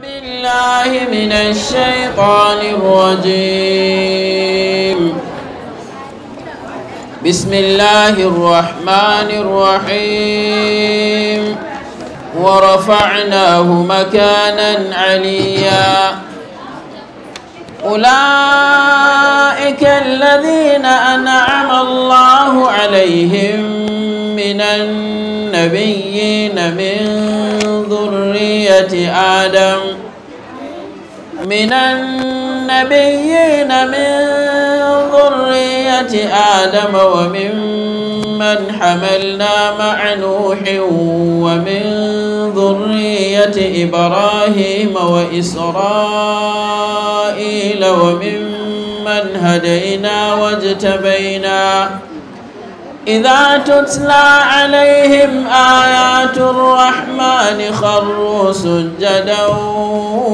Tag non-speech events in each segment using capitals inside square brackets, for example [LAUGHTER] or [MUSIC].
بالله من الشيطان الرجيم بسم الله الرحمن الرحيم ورفعناه مكانا عليا أولئك الذين أنعم الله عليهم من النبيين من ذرية آدم من النبيين من ذرية آدم وممن حملنا مع نوح ومن ذرية إبراهيم وإسرائيل وممن هدينا واجتبينا إذا تتلى عليهم آيات الرحمن خروا سجدا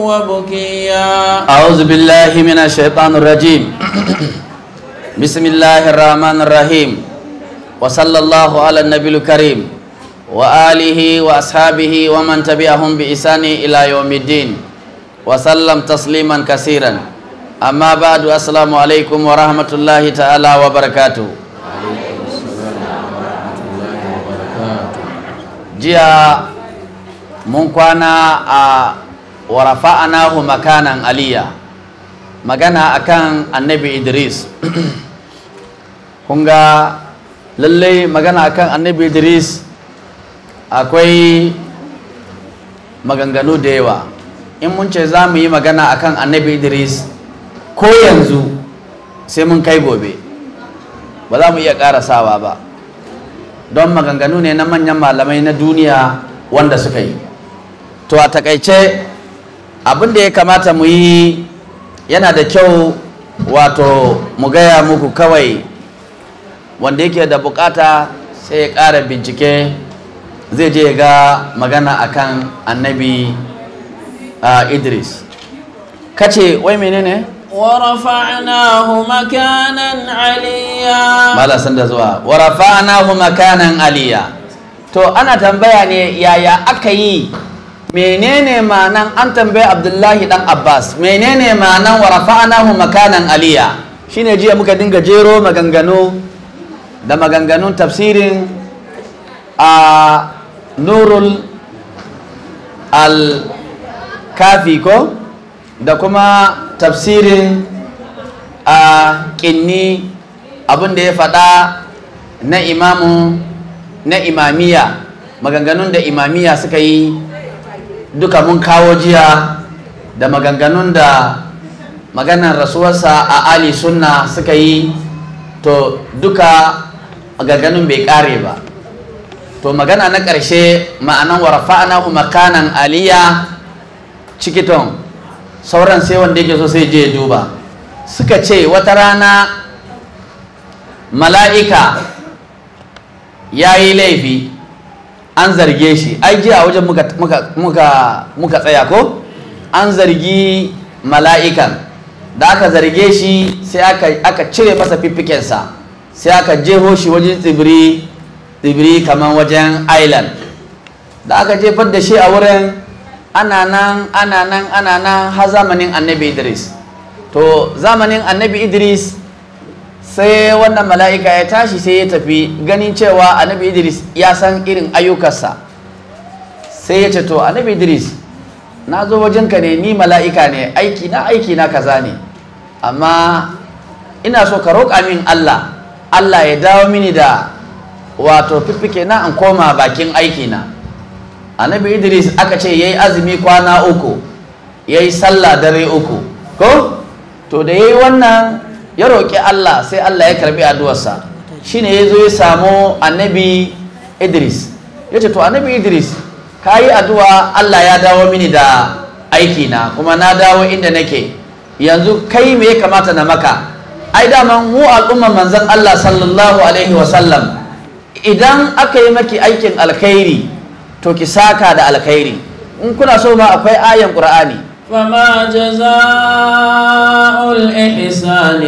وبكيا أعوذ بالله من الشيطان الرجيم بسم الله الرحمن الرحيم وصلى الله على النبي الكريم وآله وأصحابه ومن تبعهم بإحسان إلى يوم الدين وسلم تسليما كثيرا أما بعد السلام عليكم ورحمة الله تعالى وبركاته jiya mun kwana a anahu makanan aliya magana akan annabi idris [CLEARS THROAT] kunga lallai magana akan annabi idris akwai maganganu da yawa in mun ce za mu yi magana akan annabi idris ko yanzu sai mun kai gobe ba za mu iya ƙarasawa ba don maganganu ne na manyan malamai na duniya wanda suka yi to a takaice abin da ya kamata mu yi yana da kyau wato mu gaya muku kawai wanda yake da bukata sai ya ƙara bincike zai je ga magana a kan annabi a ah, idris kace wai menene ne wa مكانا عليا ما to ana tambaya ne yaya aka yi menene ma'anan an tambaya abdullahi dan abbas menene ma'anan wa rafa'nahu makanan aliya shine jiya muka dinga jero maganganu da maganganun tafsirin a nurul al kafi ko da kuma tafsirin a ƙinni abin da ya faɗa na imamu na imamiya maganganun da imamiya suka yi duka mun kawo jiya da maganganun da maganar rasuwarsa a ali sunna suka yi to duka maganganun bai ƙare ba to magana na ƙarshe ma'anan kuma makanan aliya cikiton sauran sai wanda yake so sai je duba suka ce wata rana mala'ika ya yi laifi an zarge shi ai a wajen muka tsaya ko an zargi mala'ikan da aka zarge shi sai aka cire masa fiffikensa sai aka jeho shi wajen tsibiri tsibiri kamar wajen island da aka jefar da shi a wurin ana nan ana nan ana nan har zamanin annabi idris to zamanin annabi idris sai wannan mala'ika ya tashi sai ya tafi ganin cewa annabi idris ya san irin ayyukansa sai ya ce to annabi idris na zo wajenka ne ni mala'ika ne aiki na aiki na kaza ne amma ina so ka roƙa min allah allah ya dawo mini da wato fiffike na an koma bakin aiki na annabi idris aka ce yayi azumi kwana uku yayi sallah dare uku ko to da yayi wannan ya roƙi allah sai allah ya karbi addu'arsa shine ya zo ya samu annabi idris ya ce to annabi idris ka yi addu'a allah ya dawo mini da aiki na? kuma na dawo inda nake yanzu kai me ya kamata na maka ai daman mu al'umman manzon Allah sallallahu alaihi wasallam idan aka yi maki aikin alkhairi to ki saka da alkhairi in kuna so ma akwai ayan qur'ani illa al ihsan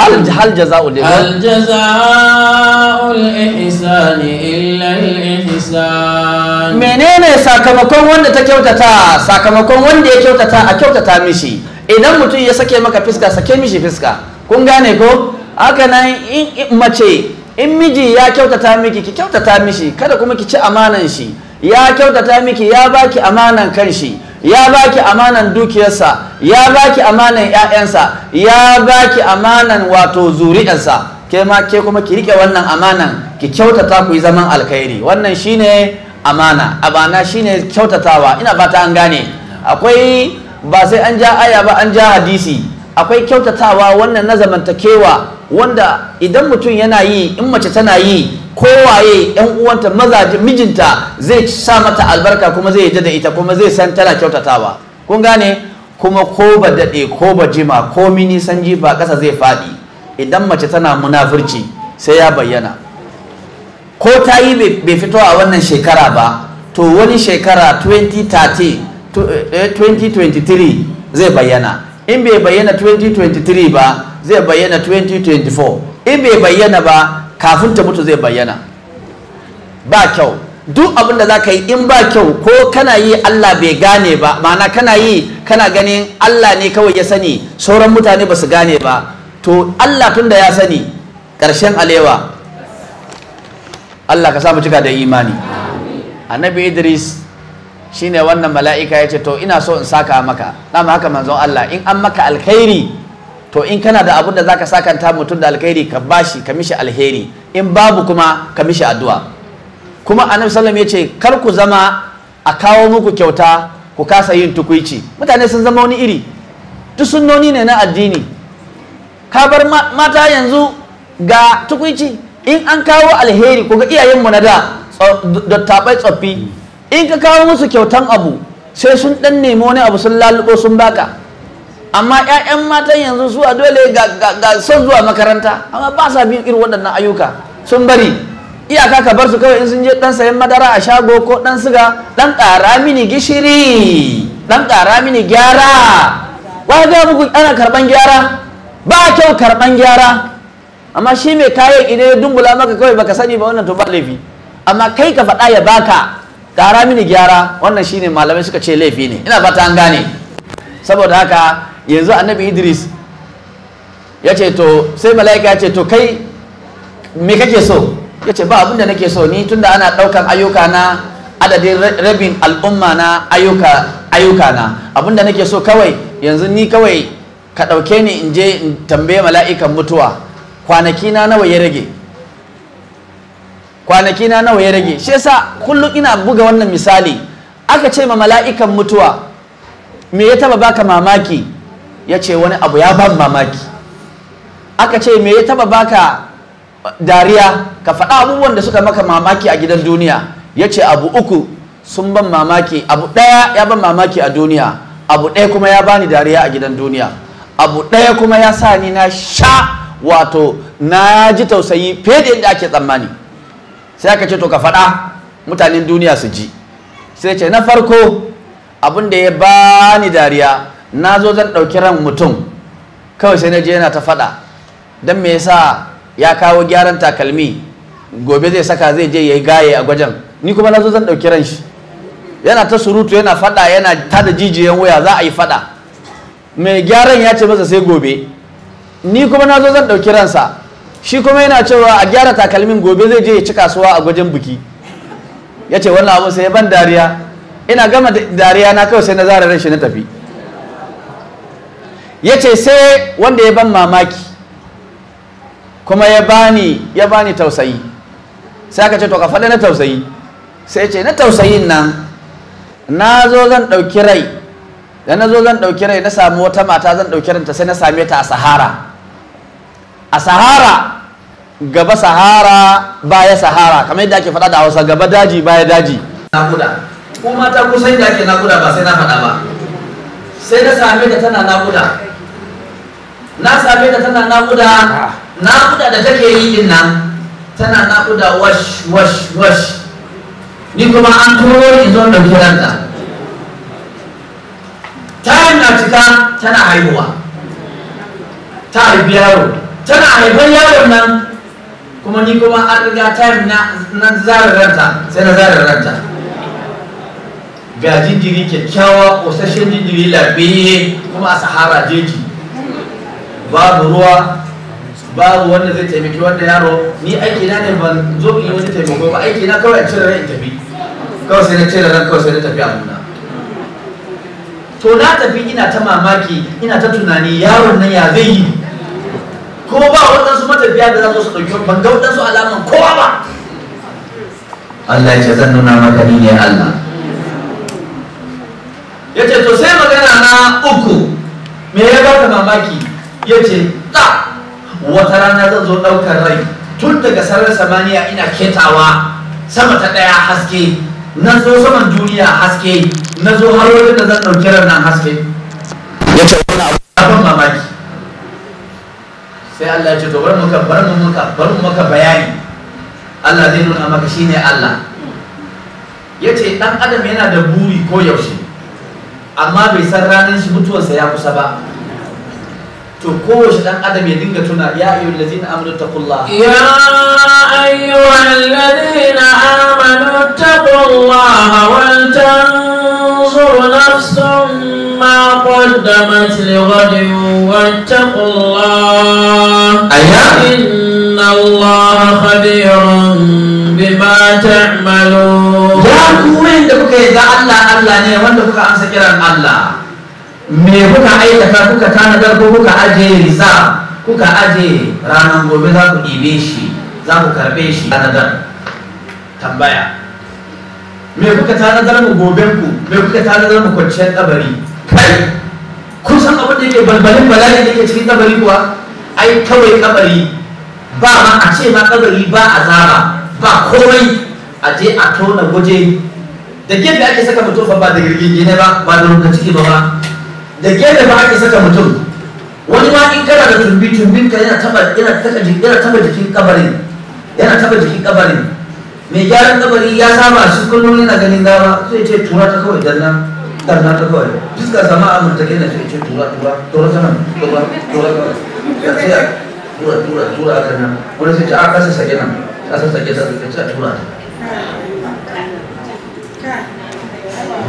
hal hal jazaa'ul ihsani hal jazaa'ul ihsani illa al ihsan menene sakamakon wanda ta kyautata sakamakon wanda ya kyautata a kyautata mishi idan mutum ya sake maka fiska sake mishi fiska kun gane ko haka nan mace in miji ya kyautata miki ki kyautata mishi kada kuma ki ci amanan shi ya kyautata miki ya baki amanan kanshi ya baki amanan dukiyarsa ya baki amanan ƴaƴansa ya baki amanan wato zuri'arsa ke ma ke kuma ki rike wannan amanan ki kyautata ku yi zaman alkhairi wannan shine amana abana shine kyautatawa ina ba ta an gane akwai ba sai an ja aya ba an ja hadisi akwai kyautatawa wannan na zamantakewa wanda idan mutum yana yi in mace tana yi kowaye yan uwanta mazaje mijinta zai sa mata albarka kuma zai yi da ita kuma zai san tana kyautatawa kun gane kuma ko ba daɗe ko ba jima ko mini san jifa ƙasa zai faɗi idan mace tana munafurci sai ya bayyana ko ta yi bai fito a wannan shekara ba to wani shekara 2030 2023 eh, zai bayyana in bai bayyana 2023 ba zai bayyana 2024 in bai bayyana ba kafin ta mutu zai bayyana ba kyau duk abin da za ka yi in ba kyau ko kana yi Allah bai gane ba mana kana yi kana ganin Allah ne kawai ya sani sauran mutane ba su gane ba to Allah tun da ya sani ƙarshen alewa Allah ka samu cika da imani annabi Idris shine wannan mala'ika ya ce to ina so in saka maka dama haka manzon Allah in an maka alkhairi to in kana da abun da zaka sakanta mutum da alkhairi ka bashi ka mishi alheri in babu kuma ka mishi addu'a kuma annabi sallam ya ce kar ku zama a kawo muku kyauta ku kasa yin tukuici mutane sun zama wani iri duk sunnoni ne na addini ka bar mata yanzu ga tukuici in an kawo alheri ku ga iyayenmu na da dattabai tsoffi in ka kawo musu kyautan abu sai sun dan nemi wani abu sun lalubo sun baka amma ƴaƴan matan yanzu su a dole ga son zuwa makaranta amma ba sa bin irin waɗannan ayyuka sun bari iyaka ka bar su kawai in sun je dan sayan madara a shago ko dan siga dan ƙara mini gishiri dan ƙara mini gyara wai ga muku ana karban gyara ba kyau karban gyara amma shi mai kayan idan ya dumbula maka kawai baka sani ba wannan to ba laifi amma kai ka faɗa ya baka tara mini gyara wannan shine malamai suka ce laifi ne ina fata an gane saboda haka yanzu annabi idris ya ce to sai mala'ika ya ce to kai me kake so ya ce ba abin da nake so ni tunda ana ɗaukan ayyuka na adadin rabin al'umma na ayyuka na abin da nake so kawai yanzu ni kawai ka ɗauke ni in je in tambaye mala'ikan mutuwa kwanaki na nawa ya rage kwanaki na nawa ya rage shi yasa kullum ina buga wannan misali aka ce ma mala'ikan mutuwa me ya taba baka mamaki ya ce wani abu ya ban mamaki aka ce me ya taba baka dariya ka faɗa abubuwan da suka maka mamaki a gidan duniya ya ce abu uku sun ban mamaki abu ɗaya ya ban mamaki a duniya abu ɗaya kuma ya bani dariya a gidan duniya abu ɗaya kuma ya sa ni na sha wato na ji tausayi fiye da yadda ake tsammani sai aka ce to ka faɗa mutanen duniya su ji sai ce na farko abin da ya bani dariya na zo zan ɗauki ran mutum kawai sai na je yana ta faɗa don me yasa ya kawo gyaran takalmi gobe zai saka zai je ya gaye a gwajen ni kuma na zo zan ɗauki ran shi yana ta surutu yana faɗa yana tada jijiyan wuya za a yi faɗa mai gyaran ya ce masa sai gobe ni kuma na zo zan ɗauki ransa shi kuma yana cewa a gyara takalmin gobe zai je ya ci kasuwa a gwajin biki ya ce wannan abun sai ban dariya ina gama dariya na kawai sai na zara shi na tafi ya ce sai wanda ya ban mamaki kuma ya bani ya bani tausayi sai aka ce to ka faɗa na tausayi sai ce na tausayin nan na zo zan ɗauki rai da na zo zan ɗauki rai na samu wata mata zan ɗauki ranta sai na same ta a sahara a sahara gaba sahara baya sahara kamar yadda ake faɗa da hausa gaba daji baya daji nakuda ko mata kusan da ake nakuda ba sai na faɗa ba sai na same ta tana nakuda na same ta tana nakuda nakuda da take yi din nan tana nakuda wash wash wash ni kuma an turo ni zo da kiranta ta na cika tana haihuwa ta haifi yaro tana haifar yaron nan kuma ni kuma an riga ta yi na zarar ranta sai na zarar ranta ga jinjiri kyakkyawa ƙosashen jinjiri lafiye kuma a sahara jeji babu ruwa babu wanda zai taimaki wanda yaro ni aiki na ne ban zo in yi wani taimako ba aiki na kawai cire ran tafi kawai sai na cire ran kawai sai na tafi abuna to na tafi ina ta mamaki ina ta tunani yaron nan ya zai yi ko ba waɗansu matafiya da za su ɗauki ban ga waɗansu alaman kowa ba Allah ya ce zan nuna maka ni ne Allah ya ce to sai magana na uku me ya baka mamaki ya ce ta wata rana zan zo ɗaukar rai tun daga sararin samaniya ina ketawa sama ta ɗaya haske na zo saman duniya haske na zo har wajen da zan ɗauki ran nan haske ya ce wani abu mamaki sai Allah ya ce to bari muka bari mu muka bari muka bayani Allah zai nuna maka shine Allah yace dan adam yana da buri ko yaushe amma bai san ranar shi mutuwarsa ya kusa ba to kowace dan adam ya dinga tuna ya ayyuhal ladina amanu taqullah ya ayyuhal ladina amanu taqullah wal tanzur nafsum ma qaddamat lighadin ayya inna allaha khabirun bima ta'malun ya ku wanda kuka yi da Allah Allah ne wanda kuka amsa kiran Allah me kuka aikata kuka tanadar ko kuka aje za kuka aje ranar gobe za ku ɗibe shi za ku karɓe shi tanadar tambaya me kuka tanadar mu gobe ku me kuka tanadar mu kwanciyar kabari kai kun san abin da yake balbalin bala'i da yake cikin kabari kuwa ai kawai kabari ba ma a ce ma kabari ba azaba ba komai a je a tona guje da gefe ake saka mutum ba da girgin ne ba ba da ciki ba ba da gefe ba ake saka mutum wani ma in kana da turbi turbin ka yana taba yana taba yana taba jikin kabarin yana taba jikin kabarin mai gyaran kabari ya saba shi kullum yana ganin gawa sai ce tura ta kawai danna danna ta kawai fuskar sama a mun take na sai ce tura tura tura ta nan tura tura Ya sai a tura tura tura a nan wani sai ce a kasa sake nan kasa sake ta sai a tura ta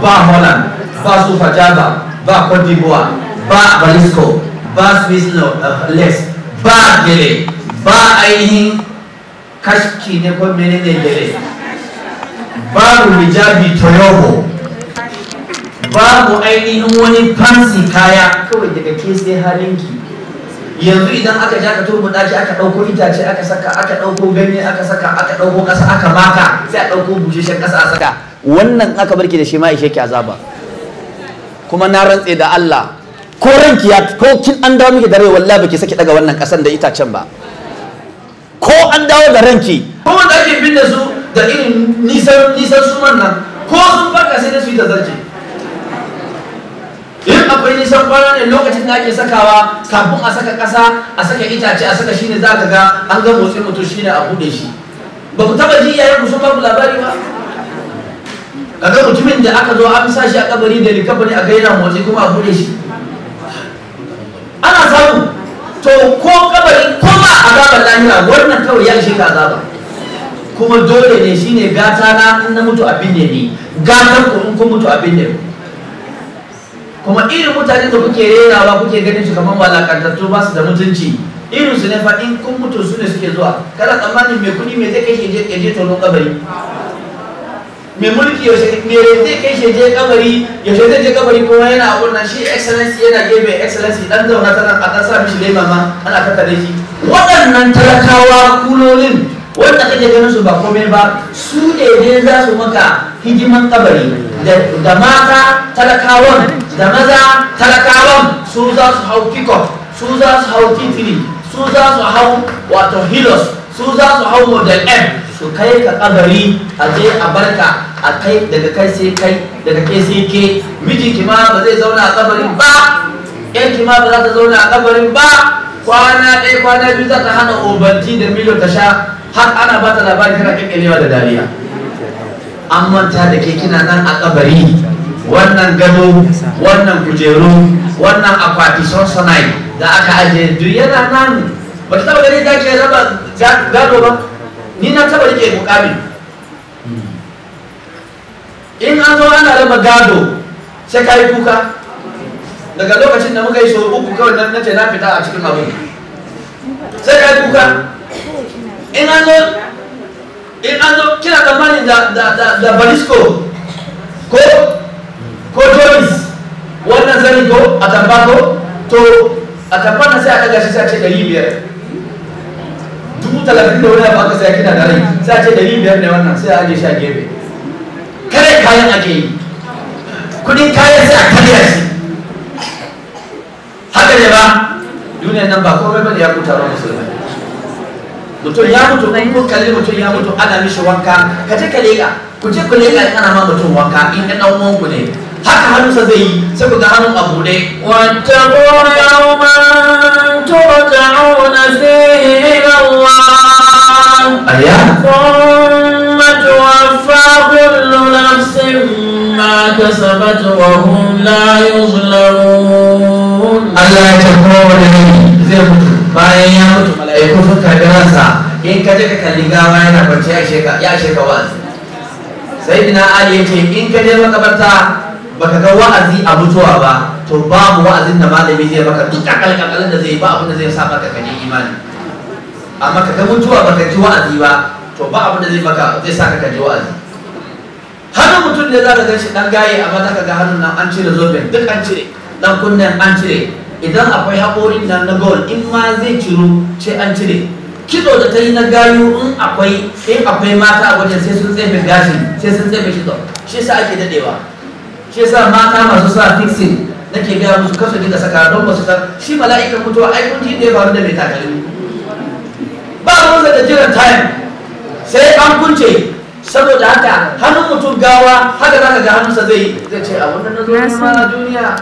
ba holland ba su fajaba ba Côte d'Ivoire ba Balisco ba Swiss uh, Les ba Gele ba ainihin kashki ne ko ba Gele babu hijabi Toyobo mu ainihin wani fansi kaya kawai daga ke sai halinki yanzu idan aka ja ka turbu ɗaki aka ɗauko itace aka saka aka ɗauko ganye aka saka aka ɗauko ƙasa aka baka sai a ɗauko shan ƙasa a saka wannan aka barke da shi ma ishe ki azaba kuma na rantse da Allah ko ranki ya ko kin an dawo miki dare wallahi baki saki daga wannan kasan da itacen ba ko an dawo da ranki ko wanda ake bin da su da irin nisan nisan su nan ko sun farka sai da su yi ta zarce in akwai nisan kwana ne lokacin da ake sakawa kafin a saka kasa a saka itace a saka shine za ka ga an ga motsin mutum shine a bude shi ba ku taba ji yayin ku sun ba ku labari ba kaga mutumin da aka zo an sa shi a kabari da likabari a gaina motsi kuma a bude shi ana samu to ko kabari ko ba azabar lahira wannan kawai ya shi ka azaba kuma dole ne shine gata na in na mutu abin ne ni gatar ku in kun mutu abin ne kuma irin mutane da kuke rerawa kuke ganin su kamar walakantattu ba su da mutunci irin su ne fa in kun mutu su ne suke zuwa kada tsammanin mai kuɗi mai zai kai shi je kabari mai mulki yaushe me zai kai shi je kabari yaushe zai je kabari kuma yana abun nan shi excellency yana gefe excellency dan zauna tana a dan sa mishi lema ma ana tattare shi waɗannan talakawa kulolin wanda kake ganin su ba komai ba su ne ne za su maka kabari da mata talakawan da maza talakawan su za su hau kikon su za su hau titiri su za su hau wato hilos su za su hau da m su kai ka kabari a je a barka a kai daga kai sai kai daga kai sai ke miji kima ba zai zauna a kabarin ba yan kima ba za ta zauna a kabarin ba kwana ɗaya kwana biyu za ta hana obanti da milo ta sha har ana ba ta labari kana kakkarewa da dariya an manta da ke kina nan a kabari wannan gado wannan kujeru wannan akwati sonsonai da aka ajiye duk yana nan ba ta taba gani ta ke raba gado ba ni na taba rike mukami in an zo ana raba gado sai ka yi kuka daga lokacin da muka yi sau uku kawai na ce na fita a cikin abin sai ka yi kuka in an zo in an zo kina tsammanin da da da da balisco ko ko jones wannan zani ko a tamba to a tamba sai a ɗaga shi sai a ce ɗari biyar dubu talatin da wani abu aka saya kina da rai sai a ce ɗari biyar ne wannan sai a aje shi a gefe kare kayan ake yi kuɗin kayan sai a karya shi haka ne ba duniya nan ba komai bane ya kuta ba musulmai mutum ya mutu nan ko kalli mutum ya mutu ana mishi wanka ka je ka leƙa ku je ku leƙa ana ma mutum wanka in ɗan uwan ku ne haka hannunsa zai yi sai ku ga hannun a buɗe wata ko yawman turja'una fihi ila Allah ثم توفى كل نفس ما كسبت وهم لا يظلمون الله يتقوى zai mutu bayan ya mutu mala'iku suka gansa in ka je ka kalli gawa yana barci ya sheka ya sheka wa'azi sai ina ali yace in ka je makabarta baka ga wa'azi a mutuwa ba to babu wa'azin da malami zai maka duk akalkalin da zai ba abin da zai sa maka kanin imani amma ka ga mutuwa baka ji wa'azi ba to ba abin da zai maka zai sa ka ji wa'azi hannun mutum ne za ka gan shi dan gaye a za ka ga hannun nan an cire zoben duk an cire dan kunnen an cire idan akwai haƙorin nan na gol in ma zai ciro ce an cire kitso da ta yi na gayu in akwai in akwai mata a wajen sai sun tsefe gashin sai sun tsefe kitso shi sa ake dadewa shi sa mata masu sa fixing nake gaya musu kasu dinga saka don ba su san shi mala'ikan mutuwa ai kun ji da ya faru da mai takalmi ba ruwansa da jiran time sai an kunce saboda haka hannun mutum gawa haka za ka ga hannunsa zai zai ce a da na zo nema na duniya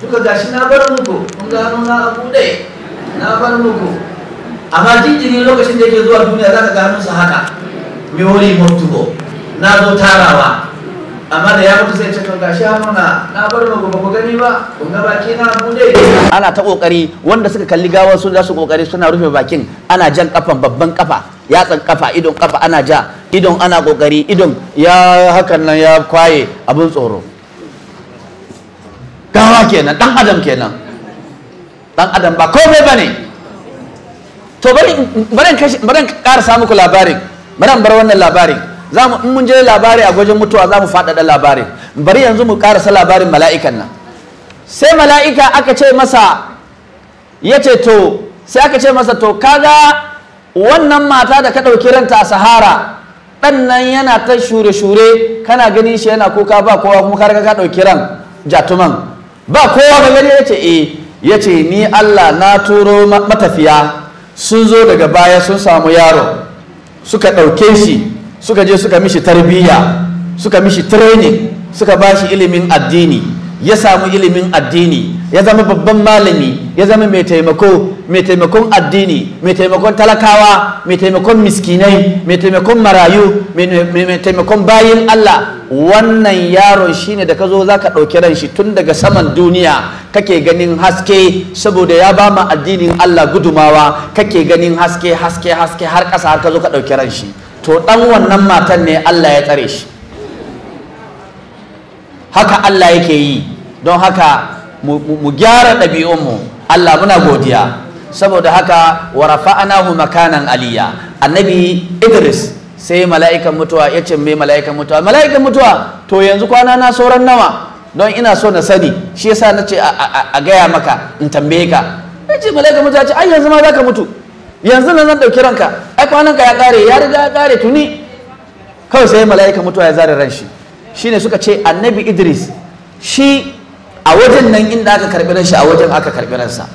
duka gashi na bar muku kun ga hannun na abu dai na bar muku amma jinjiri lokacin da yake zuwa duniya za ka ga hannunsa haka miori mutubo na zo tarawa amma da ya mutu sai ce gashi haruna na bar mu ba gani ba kun ga baki na dai. ana ta kokari wanda suka kalli gawar sun za su kokari suna rufe bakin ana jan kafan babban kafa yatsan kafa idon kafa ana ja idon ana kokari idon ya hakan nan ya kwaye abin tsoro gawa kenan dan adam kenan dan adam ba komai bane to bari bari bari ƙara samu ku labarin bari bar wannan labarin za in mun je labari a gwajin mutuwa za mu faɗaɗa labari bari yanzu mu ƙarasa labarin mala'ikan nan sai mala'ika aka ce masa ya ce to sai aka ce masa to kaga wannan mata da ka ɗauki ranta a sahara ɗan nan yana ta shure-shure kana ganin shi yana kuka ba kowa kuma kar ka ɗauki ran jatuman ba kowa ba gani ya ce e ya ce ni allah na turo matafiya sun zo daga baya sun samu yaro suka ɗauke shi suka je suka mishi tarbiyya suka mishi training suka ba shi ilimin addini ya samu ilimin addini ya zama babban malami ya zama mai taimako mai taimakon addini mai taimakon talakawa mai taimakon miskinai mai taimakon marayu mai taimakon bayin Allah wannan yaron shine da ka zo za ka ɗauki ran shi tun daga saman duniya kake ganin haske saboda ya ba ma addinin Allah gudumawa kake ganin haske haske haske har ƙasa har ka zo ka ɗauki ran shi to ɗan wannan matan ne Allah ya tsare shi haka Allah yake yi don haka mu gyara ɗabi'unmu Allah muna godiya saboda haka wa rafa'anahu makanan aliya annabi Idris sai mala'ikan mutuwa ya ce mai mala'ikan mutuwa mala'ikan mutuwa to yanzu kwana na sauran nawa don ina so na sani shi yasa na ce a gaya maka in tambaye ka ya ce mala'ikan mutuwa ce ai yanzu ma za ka mutu yanzu na zan ɗauki ranka ai kwanan ka ya kare ya riga ya kare tuni kawai sai mala'ika mutuwa ya zare ran shi shine suka ce annabi idris shi a wajen nan inda aka karbi ran shi a wajen aka karbi ransa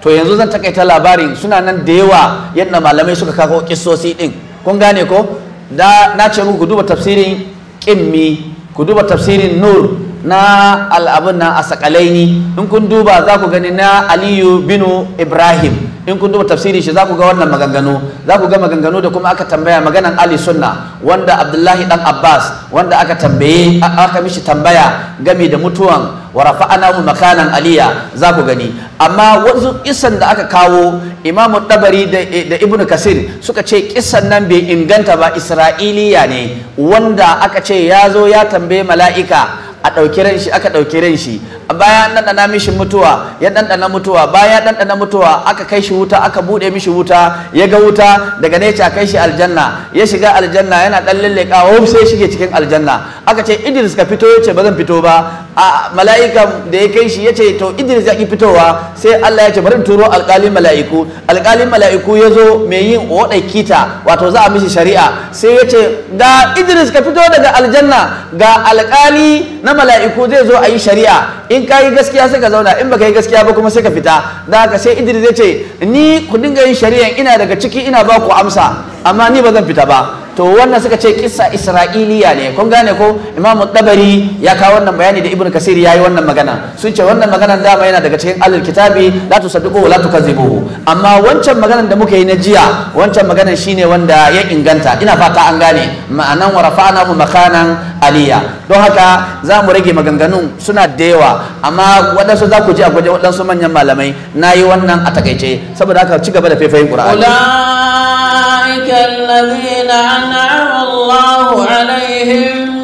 to yanzu zan takaita labarin suna nan da yawa yadda malamai suka kawo kissosi din kun gane ko da na ce muku duba tafsirin kimmi ku duba tafsirin nur na al'abun na asakalaini in kun duba za ku gani na aliyu binu ibrahim in kun duba tafsirin shi za ku ga wannan maganganu za ku ga maganganu da kuma aka tambaya maganan ali sunna wanda abdullahi dan abbas wanda aka tambaye aka mishi tambaya gami da mutuwan wa rafa'ana makanan aliya za ku gani amma wasu kisan da aka kawo imamu tabari da Ibnu kasir suka ce kisan nan bai inganta ba isra'iliya ne wanda aka ce ya zo ya tambaye mala'ika a ɗauki ran shi aka ɗauki ran shi baya an ɗanɗana mishi mutuwa ya ɗanɗana mutuwa bayan ɗanɗana mutuwa aka kai shi wuta aka buɗe mishi wuta ya ga wuta daga ne a kai shi aljanna ya shiga aljanna yana ɗan lalleka wuf sai shige cikin aljanna aka ce idris ka fito ya ce ba zan fito ba a mala'ika da ya kai shi ya ce to idris ya ki fitowa sai allah ya ce bari turo alƙalin mala'iku alƙalin mala'iku ya zo mai yin waɗai kita wato za a mishi shari'a sai ya ce ga idris ka fito daga aljanna ga alƙali na mala'iku zai zo a yi shari'a in ka yi gaskiya sai ka zauna in baka yi gaskiya ba kuma sai ka fita da haka sai idris zai ce ni ku dinga yin shari'a ina daga ciki ina ba ku amsa amma ni ba zan fita ba to wannan suka ce kisa isra'iliya ne kun gane ko imam tabari ya kawo wannan bayani da ibnu kasir yayi wannan magana sun ce wannan maganan dama yana daga cikin alal kitabi la tusaddiqu wa la tukazzibuhu amma wancan maganan da muka yi na jiya wancan maganan shine wanda ya inganta ina fata an gane ma'anan wa rafa'na mu makanan aliya don haka za mu rage maganganun suna da yawa amma waɗansu za ku ji a gwaje wadansu manyan malamai na yi wannan a takaice saboda haka ci gaba da faifayin ƙura'ani أولئك الذين أنعم الله عليهم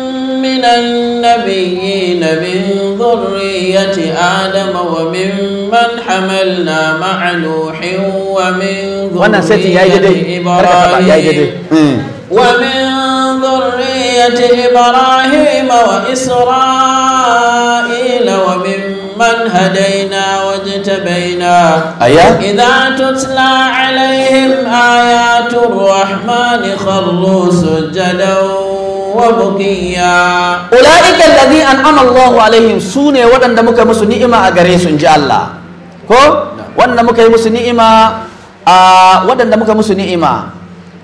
من النبيين من ذرية آدم وممن حملنا مع نوح ومن ذرية إبراهيم ومن ذرية إبراهيم وإسرائيل ومن من هدينا واجتبينا إذا تتلى عليهم آيات الرحمن خلوا سجدا وبكيا أولئك الذي أنعم الله عليهم سونة ودن دمك مسو نئمة أغريس إن الله كو ودن دمك مسو نئمة ودن دمك مسو نئمة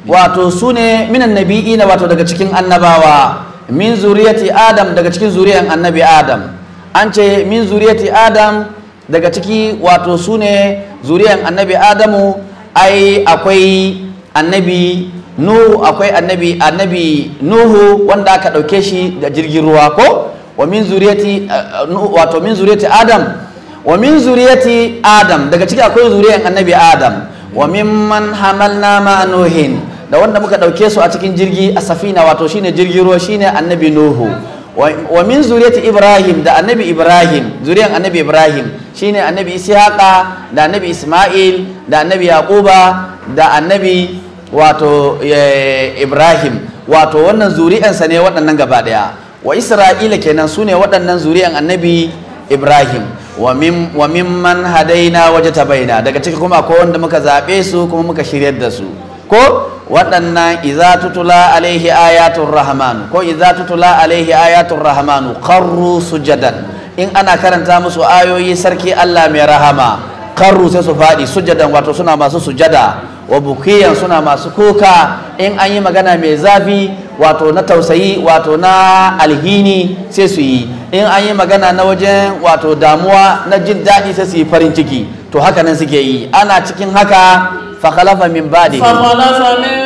wato su ne minan nabi'ina wato daga cikin annabawa min zuriyati adam daga cikin zuriyan annabi adam an ce min zuriyati adam daga ciki wato su ne zuriyan annabi adamu ai akwai annabi nuhu akwai annabi annabi nuhu wanda aka ɗauke shi da jirgin ruwa ko wa min zuriyati eh, wato min zuriyati adam wa min zuriyati adam daga ciki akwai zuriyan annabi adam wa min man hamalna ma nuhin da wanda muka ɗauke su a cikin jirgi a safina wato shine jirgin ruwa shine annabi nuhu wa min zuriyati ibrahim da annabi ibrahim zuriyan annabi ibrahim shine annabi ishaqa da annabi isma'il da annabi yaquba da annabi wato eh, ibrahim wato wannan zuri'ansa ne waɗannan gaba ɗaya wa isra'ila kenan sune ne waɗannan zuri'an annabi ibrahim wa mimman hadaina waje baina daga ciki kuma akwai wanda muka zaɓe su kuma muka shiryar da su ko waɗannan iza tutula alaihi ayatun rahmanu ko iza tutula alaihi ayatun rahmanu karru sujadan in ana karanta musu ayoyi sarki Allah mai rahama karru sai su faɗi sujadan wato suna masu sujada wa bukiyan suna masu kuka in an yi magana mai zafi wato na tausayi wato na alhini sai su yi in an yi magana na wajen wato damuwa na jin daɗi sai su yi farin ciki to haka nan suke yi ana cikin haka فخلف من بعده فخلف من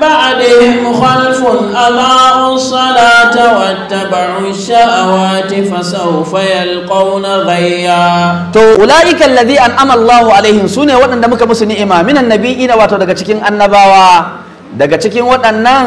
بعدهم خلف أضاعوا الصلاة واتبعوا الشهوات فسوف يلقون غيا أولئك الذي أنعم الله عليهم سنة وأن دمك مسني إما من النبي إلى واتو دقا تكين تشكين دقا تكين وأن نان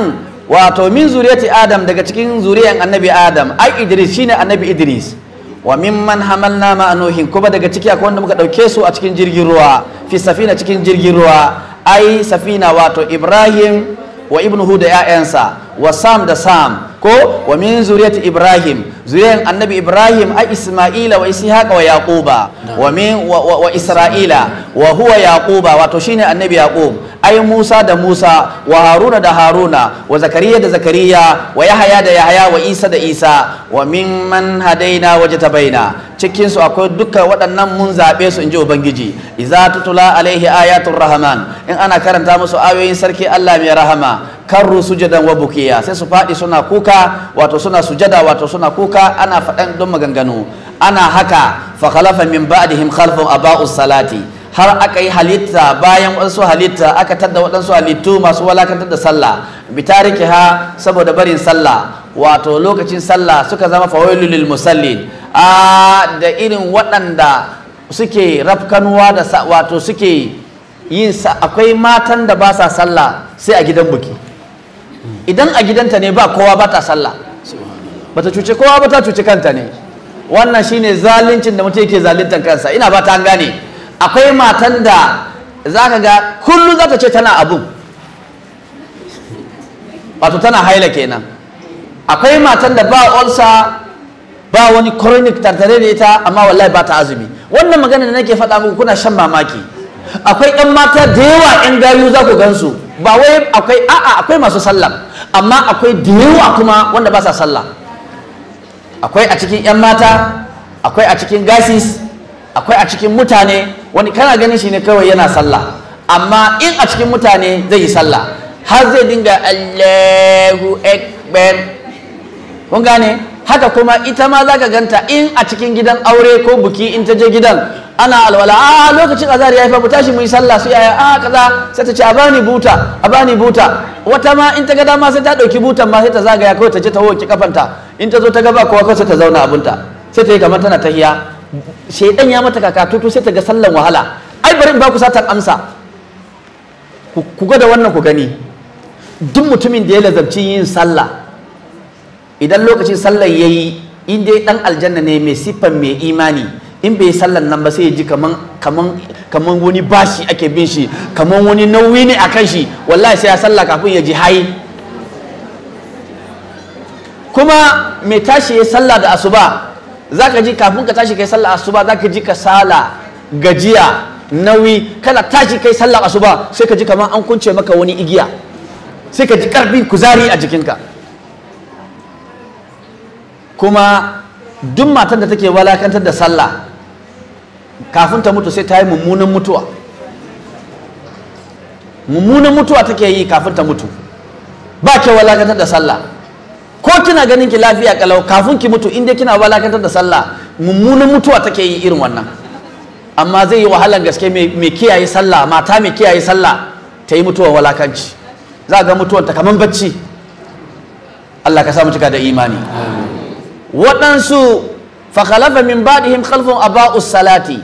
واتو من زورية آدم دقا تكين زورية النبي آدم أي إدريس شين النبي إدريس wa mimman hamalna ma anuhin kuma daga ciki akwai wanda muka dauke su a cikin jirgin ruwa fi safina cikin jirgin ruwa ai safina wato ibrahim wa ibnu da 'ya'yansa wa sam da sam ko wa min zuriyati ibrahim zuriyar annabi ibrahim a isma'ila wa ishaqa wa wa min wa isra'ila wa huwa wato shine annabi a yi musa da musa wa haruna da haruna wa zakariya da zakariya wa yahaya da yahaya wa isa da isa wa man hadaina waje ta cikin cikinsu akwai dukkan waɗannan mun zaɓe su inji ubangiji idza tutula alaihi ayatun rahman in ana karanta musu ayoyin sarki Allah mai rahama karru sujadan wa bukiya sai su faɗi suna kuka wato suna sujada wato suna kuka ana faɗan don maganganu ana haka fa khalafa min ba'dihim khalfun aba'u salati har aka yi halitta bayan wasu halitta aka tadda waɗansu halittu masu walakantar da sallah bitariki ha saboda barin sallah wato lokacin sallah suka zama fawailu lil musallin a da irin waɗanda suke rafkanuwa da wato suke yin akwai matan da ba sa sallah sai a gidan buki idan a gidanta ne ba kowa ba ta sallah bata cuce kowa ba ta cuce kanta ne wannan shi ne zaluncin da mutum yake zaluntar kansa ina ba ta gane akwai matan da za ka ga kullum za ta ce tana abun wato tana haila kenan akwai matan da ba olsa ba wani chronic tattare da ita amma wallahi ba ta azumi wannan magana da nake faɗa muku kuna shan mamaki akwai 'yan mata da yawa 'yan gayu za ku gansu ba wai akwai a'a akwai masu sallah amma akwai da kuma wanda ba sa sallah akwai a cikin 'yan mata akwai a cikin gasis akwai a cikin mutane wani kana ganin shi ne kawai yana sallah amma in a cikin mutane zai yi sallah har zai dinga allahu akbar kun gane haka kuma ita ma za ka ganta in a cikin gidan aure ko buki in ta je gidan ana alwala a ah, ah, lokacin azhar ya yi mu tashi mu yi sallah su yaya a ah, kaza sai ta ce a bani buta a bani buta wata ma in ta ga dama sai ta dauki butan ma sai ta zagaya kawai ta je ta hoki kafanta in ta zo ta gaba kowa kawai sai ta zauna abunta sai ta yi kamar tana tahiya shedan ya mata kakatutu sai ta ga sallan wahala ai bari in ba ku satar amsa ku gwada wannan ku gani duk mutumin da ya lazabci yin sallah idan lokacin sallar yi, in dai dan aljanna ne mai siffan mai imani in bai sallar nan ba sai ya ji kaman wani bashi ake bin shi kaman wani nauyi ne a kan shi wallahi sai ya sallah kafin ya ji hayi kuma mai tashi ya sallah da asuba za ka ji kafin ka tashi kai sallah asuba za ka ji ka sala, gajiya nauyi kana tashi kai sallah asuba sai ka ji kamar an kunce maka wani igiya sai ka ji karfin kuzari a jikinka kuma duk matan da take walakantar da sallah kafin ta mutu sai ta yi mummunan mutuwa mummunan mutuwa take yi kafin ta mutu ba ke walakantar da sallah ko kina ganin ki lafiya kalau kafin ki mutu inda kina walakantar da sallah mummunan mutuwa take yi irin wannan amma zai yi wahalan gaske mai kiyaye sallah mata mai kiyaye sallah ta yi mutuwar walakanci za ga mutuwanta kamar bacci Allah ka sa mu cika da imani waɗansu fakhalafa min ba'dihim khalfun aba'us salati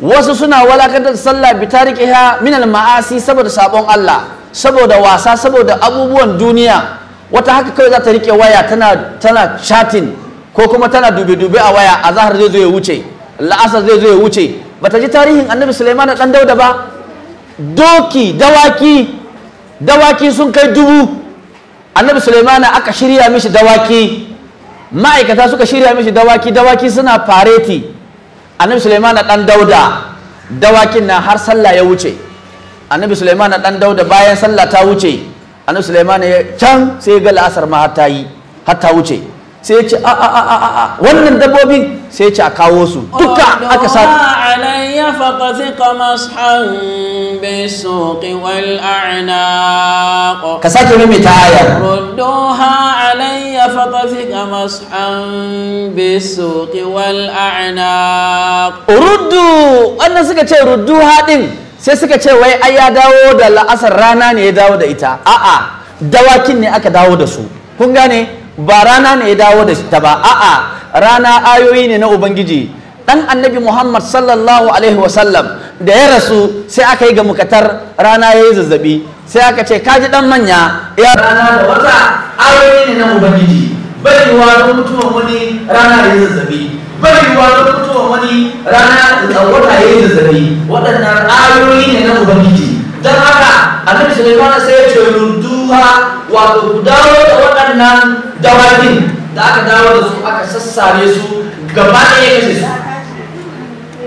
wasu suna walakantar sallah bi tariqiha min al ma'asi saboda sabon Allah saboda wasa saboda abubuwan duniya wata haka kawai za ta rike waya tana tana chatting ko kuma tana dube dube a waya a zahar zai zo ya wuce la'asar zai zo ya wuce bata ji tarihin annabi Sulaiman dan Dauda ba doki dawaki dawaki sun kai dubu annabi Sulaiman aka shirya mishi dawaki ma'aikata suka shirya mishi dawaki dawaki suna fareti annabi suleiman dan dauda dawakin na har sallah ya wuce annabi suleiman dan dauda bayan sallah ta wuce annabi suleiman ya can sai ga la'asar ma har ta yi har ta wuce sai ya ce a a a a a a wannan dabbobi sai ya ce a kawo su duka aka sa ya faɗa alayya faqathiq mashan bisuq wal arna ka sake mimi ta ha aya rudduha alayya faqathiq mashan bisuq wal arna ruddu wannan suka ce rudduha din sai suka ce wai ai ya dawo da la'asar rana ne ya dawo da ita a'a dawakin ne aka dawo da su kun gane ba rana ne ya dawo da ta ba a'a rana ayoyi ne na ubangiji dan annabi muhammad sallallahu alaihi wasallam da ya rasu sai aka yi ga mukatar rana ya yi zazzabi sai aka ce kaji dan manya ya rana da wata ayoyi ne na ubangiji baiwa don mutuwa wani rana ya yi zazzabi baiwa don mutuwa wani rana da wata ya yi zazzabi waɗannan ayoyi ne na ubangiji don haka annabi sulaiman sai ya ce runduha wato ku dawo da waɗannan dawakin da aka dawo da su aka sassare su gaba da ya kashe su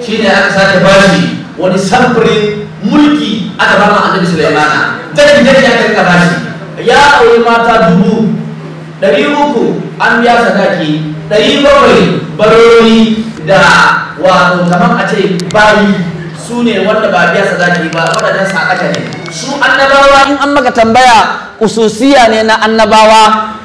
shi ne aka sake bashi wani samfurin mulki aka bama a annabi sulaimana daki daki aka rika bashi ya auri mata dubu ɗari uku an biya sadaki ɗari bakwai barori da wato kamar a ce bayi su ne wanda ba biya sadaki ba waɗannan sa'aka ne su annabawa in an maka tambaya ususiya ne na annabawa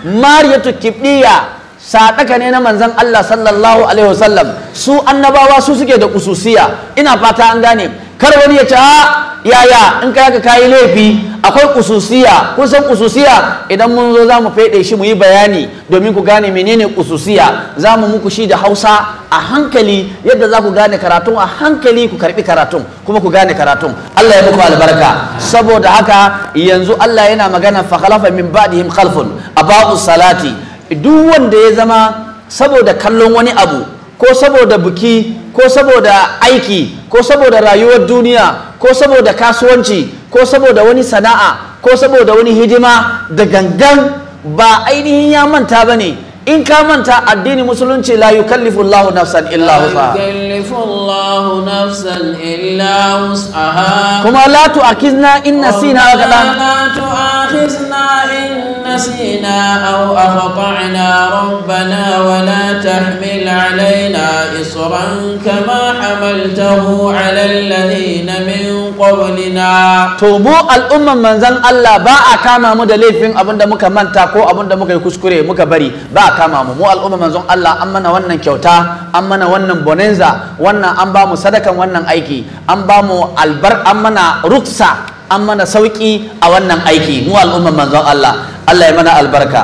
mariyatu kibdiya sadaka ne na manzan Allah sallallahu alaihi wasallam su annabawa su suke da ususiya ina fata an gane kar wani ya ce ha ah, yaya in ka yaka kayi laifi akwai kususiya kun san kususiya idan mun zo za mu faɗe shi mu yi bayani domin ku gane menene kususiya za mu muku shi da hausa a hankali yadda za ku gane karatun a hankali ku karbi karatun kuma ku gane karatun Allah ya muku albarka saboda haka yanzu Allah yana magana fa khalafa min ba'dihim khalfun aba'u salati duk wanda ya zama saboda kallon wani abu ko saboda buki ko saboda aiki ko saboda rayuwar duniya ko saboda kasuwanci ko saboda wani sana'a ko saboda wani hidima da gangan ba ainihin ya manta ba ne in ka manta addini musulunci la yukallifu Allah nafsan illa wus'aha nafsan illa kuma la tu'akhizna in nasina wa ga la نسينا أو أخطعنا ربنا ولا تحمل علينا إصرا كما حملته على الذين من قبلنا توبو الأمة من زن الله باء كما مدى ليفين أبن دا من تاكو أبن دا يكسكري مكا بري باء كما مو الأمة من زن الله أمنا ونن كيوتا أمنا ونن بوننزا ونن أمبامو صدقا ونن أيكي أمبامو البر أمنا رخصة an mana sauki a wannan aiki mu al'umman manzon Allah Allah ya mana albarka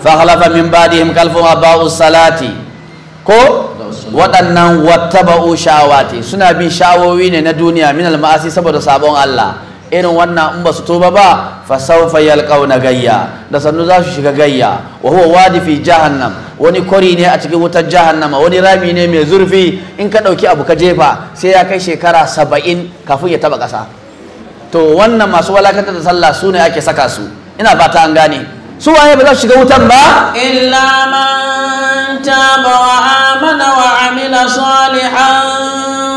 fa khalafa min ba'dihim kalfun aba'u salati ko waɗannan wattaba'u shawati suna bin shawowi ne na duniya min al-ma'asi saboda sabon Allah irin wannan in ba su toba ba fa sawfa yalqauna gayya da sannu za su shiga gayya wa huwa wadi fi jahannam wani kori ne a cikin wutar jahannama wani rami ne mai zurfi in ka ɗauki abu ka jefa sai ya kai shekara saba'in kafin ya taɓa ƙasa to wannan masu walakantar da sallah su ne ake saka su ina fata an gane su waye ba za su shiga wutan ba illa man taba wa amana wa amila salihan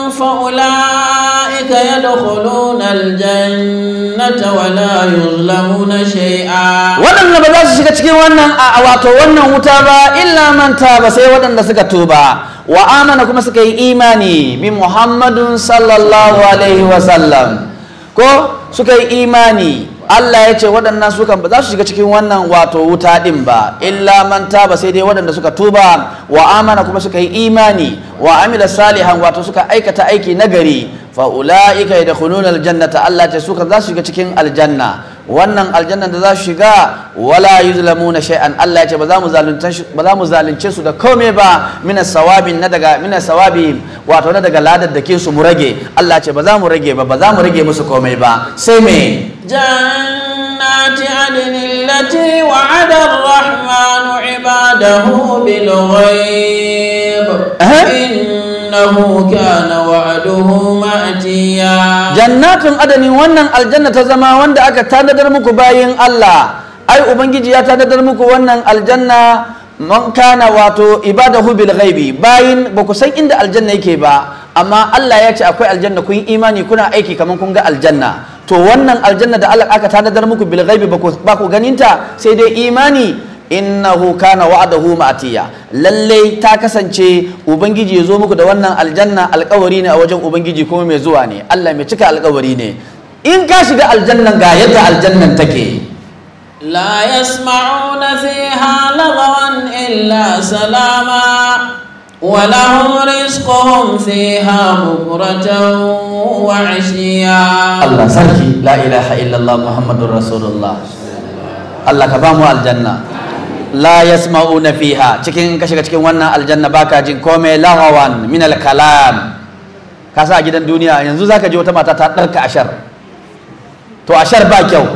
fa ulaika yadkhuluna aljannata wa la yuzlamuna shay'a wadanda ba za su shiga cikin wannan a wato wannan wuta ba illa man taba sai wadanda suka tuba wa amana kuma suka yi imani bi muhammadun sallallahu alaihi wa sallam ko suka yi imani Allah ya ce waɗannan sukan ba za su shiga cikin wannan wato wuta ɗin ba illa man taba sai dai waɗanda suka tuba wa amana kuma suka yi imani wa amila salihan wato suka aikata aiki nagari fa ula'ika yadkhuluna aljannata Allah ce suka za su shiga cikin aljanna wannan aljannan da za su shiga wala na shay'an Allah ya ce ba za mu zalunce su da komai ba mina sawabi na wato na daga ladar da ke su mu rage Allah ya ce ba za mu rage ba ba za mu rage musu komai ba sai me jannati adnil lati wa'ada ar-rahmanu ibadahu bil ghaib innahu kana wa'duhu ma'tiya jannatin adani wannan aljanna ta zama wanda aka tanadar muku bayin Allah ai ubangiji ya tanadar muku wannan aljanna man kana wato ibadahu bil ghaibi bayin ba ku san inda aljanna yake ba amma Allah ya ce akwai aljanna kun imani kuna aiki kaman kun ga aljanna to wannan aljanna da Allah aka tanadar muku bil ghaibi ba ku ganinta sai dai imani innahu kana wa'adahu ma'atiya lallai ta kasance ubangiji ya zo muku da wannan aljanna alkawari ne a wajen ubangiji kuma mai zuwa ne Allah mai cika alkawari ne in ka shiga aljannan ga yadda aljannan take la yasma'una fiha lagwan illa salama wa lahum rizquhum fiha bukratan wa 'ashiya Allah sarki la ilaha muhammadur rasulullah Allah ka ba mu aljanna la yasma'una fiha cikin ka shiga cikin wannan aljanna baka jin komai lahawan min al-kalam ka sa a gidan duniya yanzu zaka je wata mata ta ɗarka ashar to ashar ba kyau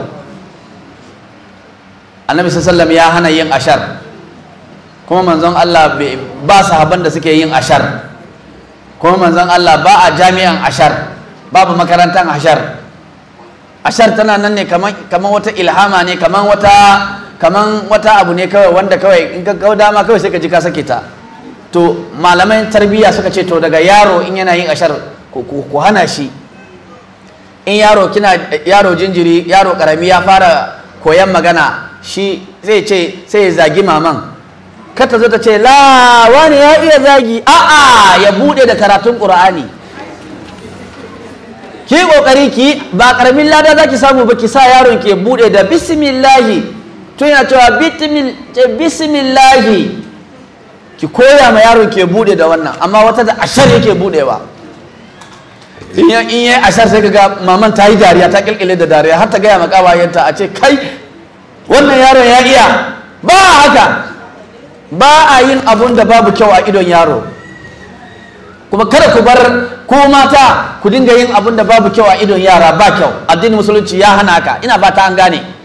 annabi sallam ya hana yin ashar kuma manzon Allah ba sahaban da suke yin ashar kuma manzon Allah ba a jami'an ashar babu makarantar ashar ashar tana nan ne kamar wata ilhama ne kamar wata kaman wata abu ne kawai wanda kawai in ka kawo dama kawai sai ka ji ka sake ta to malaman tarbiyya suka ce to daga yaro in yana yin ashar ku hana shi in yaro kina yaro jinjiri yaro karami ya fara koyan magana shi zai ce sai ya zagi maman kata zo ta ce la wani ya iya zagi a'a ya bude da karatun qur'ani ki kokari ki ba karamin lada zaki samu ba ki sa yaron ki ya bude da bismillahi tun yana cewa eh, bismillahi ki koya ma yaro ke bude da wannan amma wata da ashar yake budewa in yi ashar sai ga maman ta yi dariya ta kilkile da dariya har ta gaya ma kawayenta a ce kai wannan yaron ya iya ba haka ba a yin abun da babu kyau a idon yaro kuma kada ku bar ko mata ku dinga yin abun da babu kyau a idon yara ba kyau addinin musulunci ya hana haka ina ba ta an gane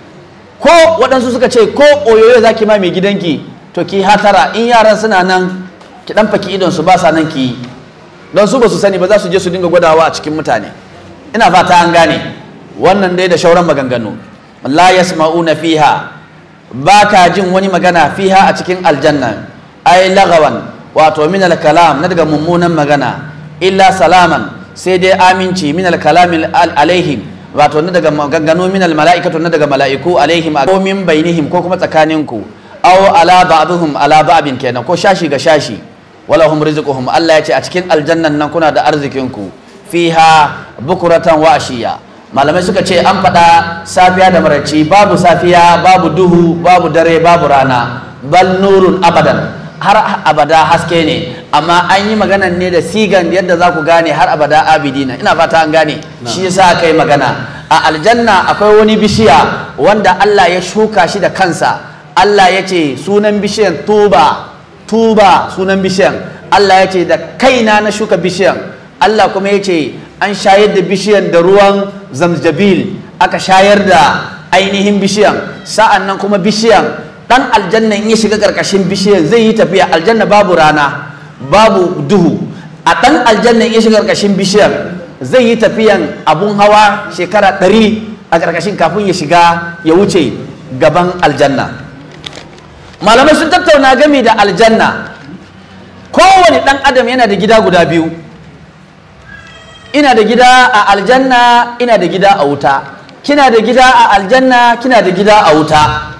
ko waɗansu suka ce ko oyoyo za ki ma mai gidanki to ki hatara in yaran suna nan ki ɗan faki idon su ba sa nan ki don su ba su sani ba za su je su dinga gwadawa a cikin mutane ina fata an gane wannan dai da shauran maganganu la yasma'una fiha ba ka jin wani magana fiha a cikin aljanna ai lagawan wato min kalam na daga mummunan magana illa salaman sai dai aminci min al alaihim wato na daga gangano min almala'ikatu na daga mala'iku alaihim ko min bainihim ko kuma tsakaninku aw ala ba'dhum ala ba'bin kenan ko shashi ga shashi wala hum rizquhum Allah ya ce a cikin aljannan nan kuna da arzikin ku fiha bukuratan wa ashiya malamai suka ce an faɗa safiya da maraci babu safiya babu duhu babu dare babu rana bal nurun abadan har abada haske ne amma an yi magana ne da sigan yadda za ku gane har abada abidina ina fata an gane shi yasa aka yi magana a aljanna akwai wani bishiya wanda Allah ya shuka shi da kansa Allah ya ce sunan bishiyan tuba tuba sunan bishiyan Allah ya ce da kaina na shuka bishiyan Allah kuma ya ce an shayar da bishiyan da ruwan zamjabil aka shayar da ainihin bishiyan sa'an nan kuma bishiyan dan aljanna in ya shiga karkashin bishiyar zai yi tafiya aljanna babu rana babu duhu a dan aljanna in ya shiga karkashin bishiyar zai yi tafiyan abun hawa shekara ɗari a karkashin kafin ya shiga ya wuce gaban aljanna malamai sun tattauna gami da aljanna kowane ɗan adam yana da gida guda biyu ina da gida a aljanna ina da gida a wuta kina da gida a aljanna kina da gida a wuta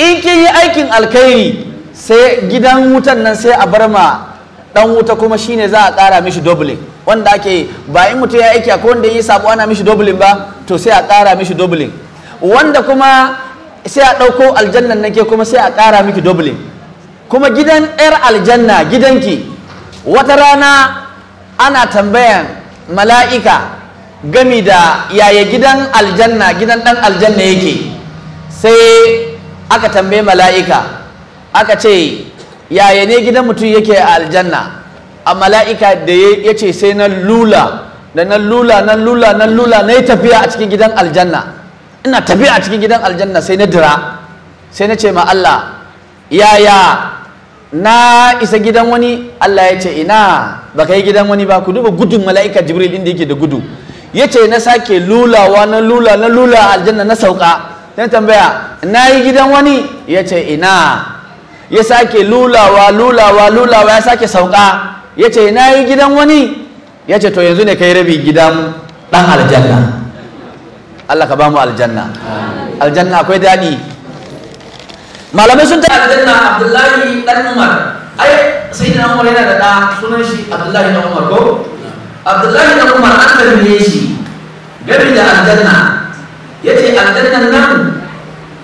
in kin yi aikin alkhairi sai gidan wutan nan sai a bar ma dan wuta kuma shine za a ƙara mishi doubling wanda ake ba in mutum ya aiki ko wanda yi sabu ana mishi doubling ba to sai a ƙara mishi doubling wanda kuma sai a ɗauko aljanna nan ke kuma sai a ƙara miki doubling kuma gidan yar aljanna gidanki wata rana ana tambayan mala'ika gami da yaya gidan aljanna gidan ɗan aljanna yake sai aka tambaye mala'ika aka ce yaya ne gidan mutum yake a aljanna a mala'ika da ya ce sai na lula da na lula na lula na lula na yi tafiya a cikin gidan aljanna ina tafiya a cikin gidan aljanna sai na dira sai na ce ma Allah yaya na isa gidan wani Allah ya ce ina ba ka yi gidan wani ba ku duba gudun mala'ika jibril inda yake da gudu ya ce na sake lulawa na lula na lula aljanna na sauka ta tambaya na yi gidan wani ya ce ina ya sake lulawa lulawa lulawa ya sake sauka ya ce na yi gidan wani ya ce to yanzu ne kai rabi gidan dan aljanna Allah ka ba mu aljanna aljanna akwai daɗi malamai sun ta aljanna abdullahi dan umar ai sai da umar yana da ɗa sunan shi abdullahi dan umar ko abdullahi dan umar an tarbiye shi gami da aljanna ya ce aljannan nan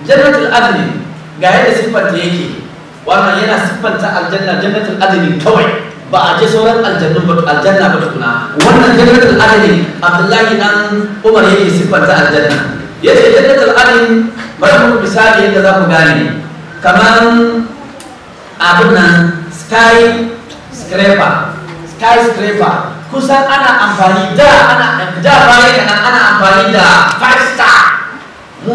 jannatul adni ga yadda siffanta yake wannan yana siffanta aljanna jannatul adni kawai ba a je sauran aljannu ba aljanna ba tukuna wannan jannatul adni abdullahi dan umar yake siffanta aljanna ya ce jannatul adni bari mu misali yadda za ku gane kamar abin nan sky scraper sky scraper kusan ana amfani da ana da bayan ana amfani da five star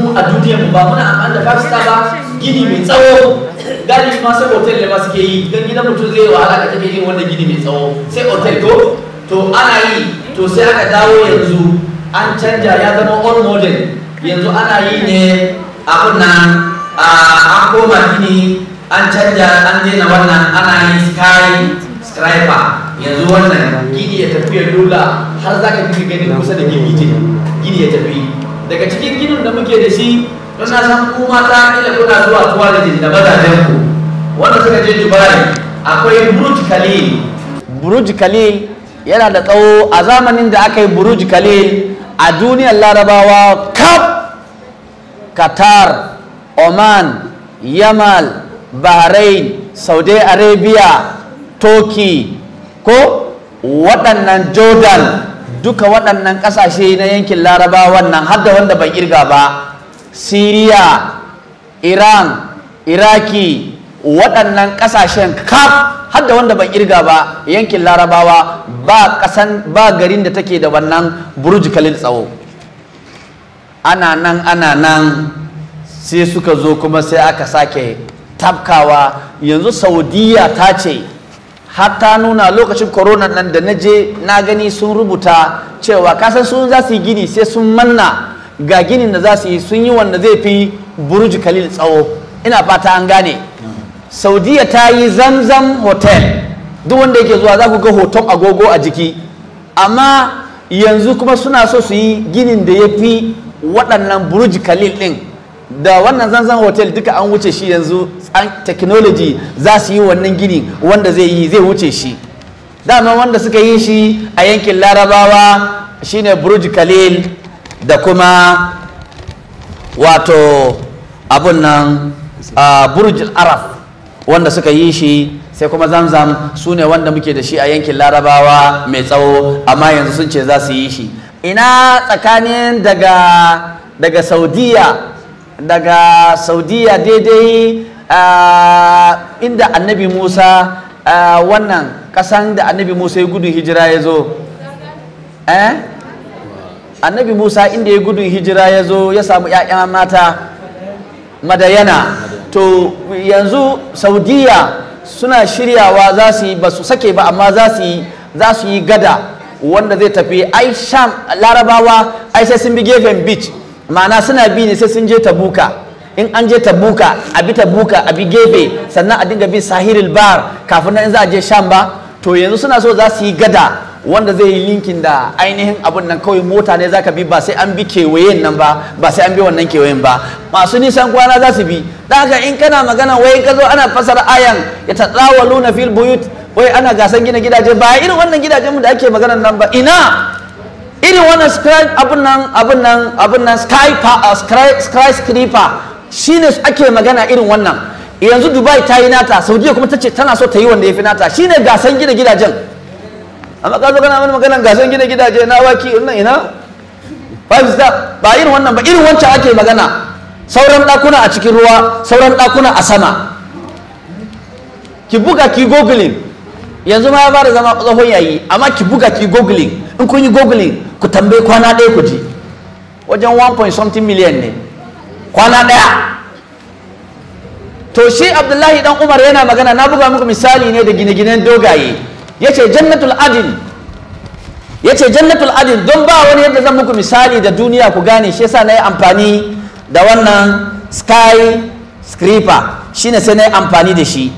mu a duniyar mu ba muna amfani da five ba gini mai tsawo gani ma sai hotel ne ma suke yi don gidan mutum zai wahala ka ke yin wanda gini mai tsawo sai hotel ko to ana yi to sai aka dawo yanzu an canja ya zama all model yanzu ana yi ne kunna a an koma gini an canja an daina wannan ana yi sky scriber yanzu wannan gini ya tafi ya dola har za ka fi gani kusa da gini gini ya tafi daga cikin ginin da muke da shi don na san kuma ta ila kuna zuwa tuwaliti da mazajen ku wanda suka je dubai akwai burj khalil burj khalil yana da tsawo a zamanin da aka yi burj khalil a duniyar larabawa kaf qatar oman yamal bahrain saudi arabia turkey ko waɗannan jordan duka waɗannan ƙasashe na yankin laraba wannan har da wanda ban irga ba siriya iran iraki waɗannan ƙasashen kaf har da wanda ban irga ba yankin larabawa ba ƙasan ba garin da take da wannan burj khalil tsawo ana nan ana nan sai suka zo kuma sai aka sake tabkawa yanzu saudiya ta ce har ta nuna lokacin corona nan da na je na gani sun rubuta cewa kasan sun za su yi gini sai sun manna ga ginin da za su yi sun yi wanda zai fi burj khalil tsawo ina fata an gane saudiya ta yi zamzam hotel duk wanda yake zuwa za ku ga hoton agogo a jiki amma yanzu kuma suna so su yi ginin da ya fi waɗannan burj khalil ɗin da wannan zanzan hotel duka an wuce shi yanzu an technology za su yi wannan gini wanda zai yi zai wuce shi dama wanda suka yi shi a yankin larabawa shine burj khalil da kuma wato abun nan burj araf wanda suka yi shi sai kuma zamzam su ne wanda muke da shi a yankin larabawa mai tsawo amma yanzu sun ce za su yi shi ina tsakanin daga daga saudiya daga saudiya daidai ah, inda annabi musa ah, wannan kasan da annabi musa ya gudun hijira ya zo eh? annabi musa inda ya gudun hijira ya zo ya samu 'ya'yan mata madayana to yanzu saudiya suna shiryawa za su yi ba su sake ba amma za su yi gada wanda zai tafi ai sham larabawa ai sai sun bi gefen beach ma'ana suna bi ne sai sun je tabuka in an je tabuka a bi tabuka a bi gefe sannan a dinga bi sahiril bar kafin nan in za a je sham ba to yanzu suna so za su yi gada wanda zai yi linkin da ainihin abun nan kawai mota ne zaka bi ba sai an bi kewayen nan ba ba sai an bi wannan kewayen ba masu nisan kwana za su bi daga in kana magana wai ka zo ana fasar ayan ya tadawalu na fil buyut wai ana gasan gina gidaje ba irin wannan gidajen mu da ake magana nan ba ina irin wannan abin nan abin nan abin nan uh, skyscraper shine ake magana irin wannan yanzu dubai ta yi nata saudiya kuma ta ce tana so ta yi wanda ya fi nata shine gasan gina gidajen amma ka zo kana mana magana gasan gina gidaje na waki wannan ina five star ba irin wannan ba irin wancan ake magana sauran ɗakuna a cikin ruwa sauran ɗakuna a sama ki buga ki googling yanzu ma ya fara zama tsohon yayi amma ki buga ki googling in kun yi googling ku tambayi kwana ɗaya ku ji wajen 1. million ne kwana ɗaya to shi abdullahi dan umar yana magana na buga muku misali ne da gine-ginen dogaye ya ce jannatul adin ya ce jannatul adil don ba wani yadda zan muku misali da duniya ku gane shi yasa na yi amfani da wannan sky scraper shine sai na yi amfani da shi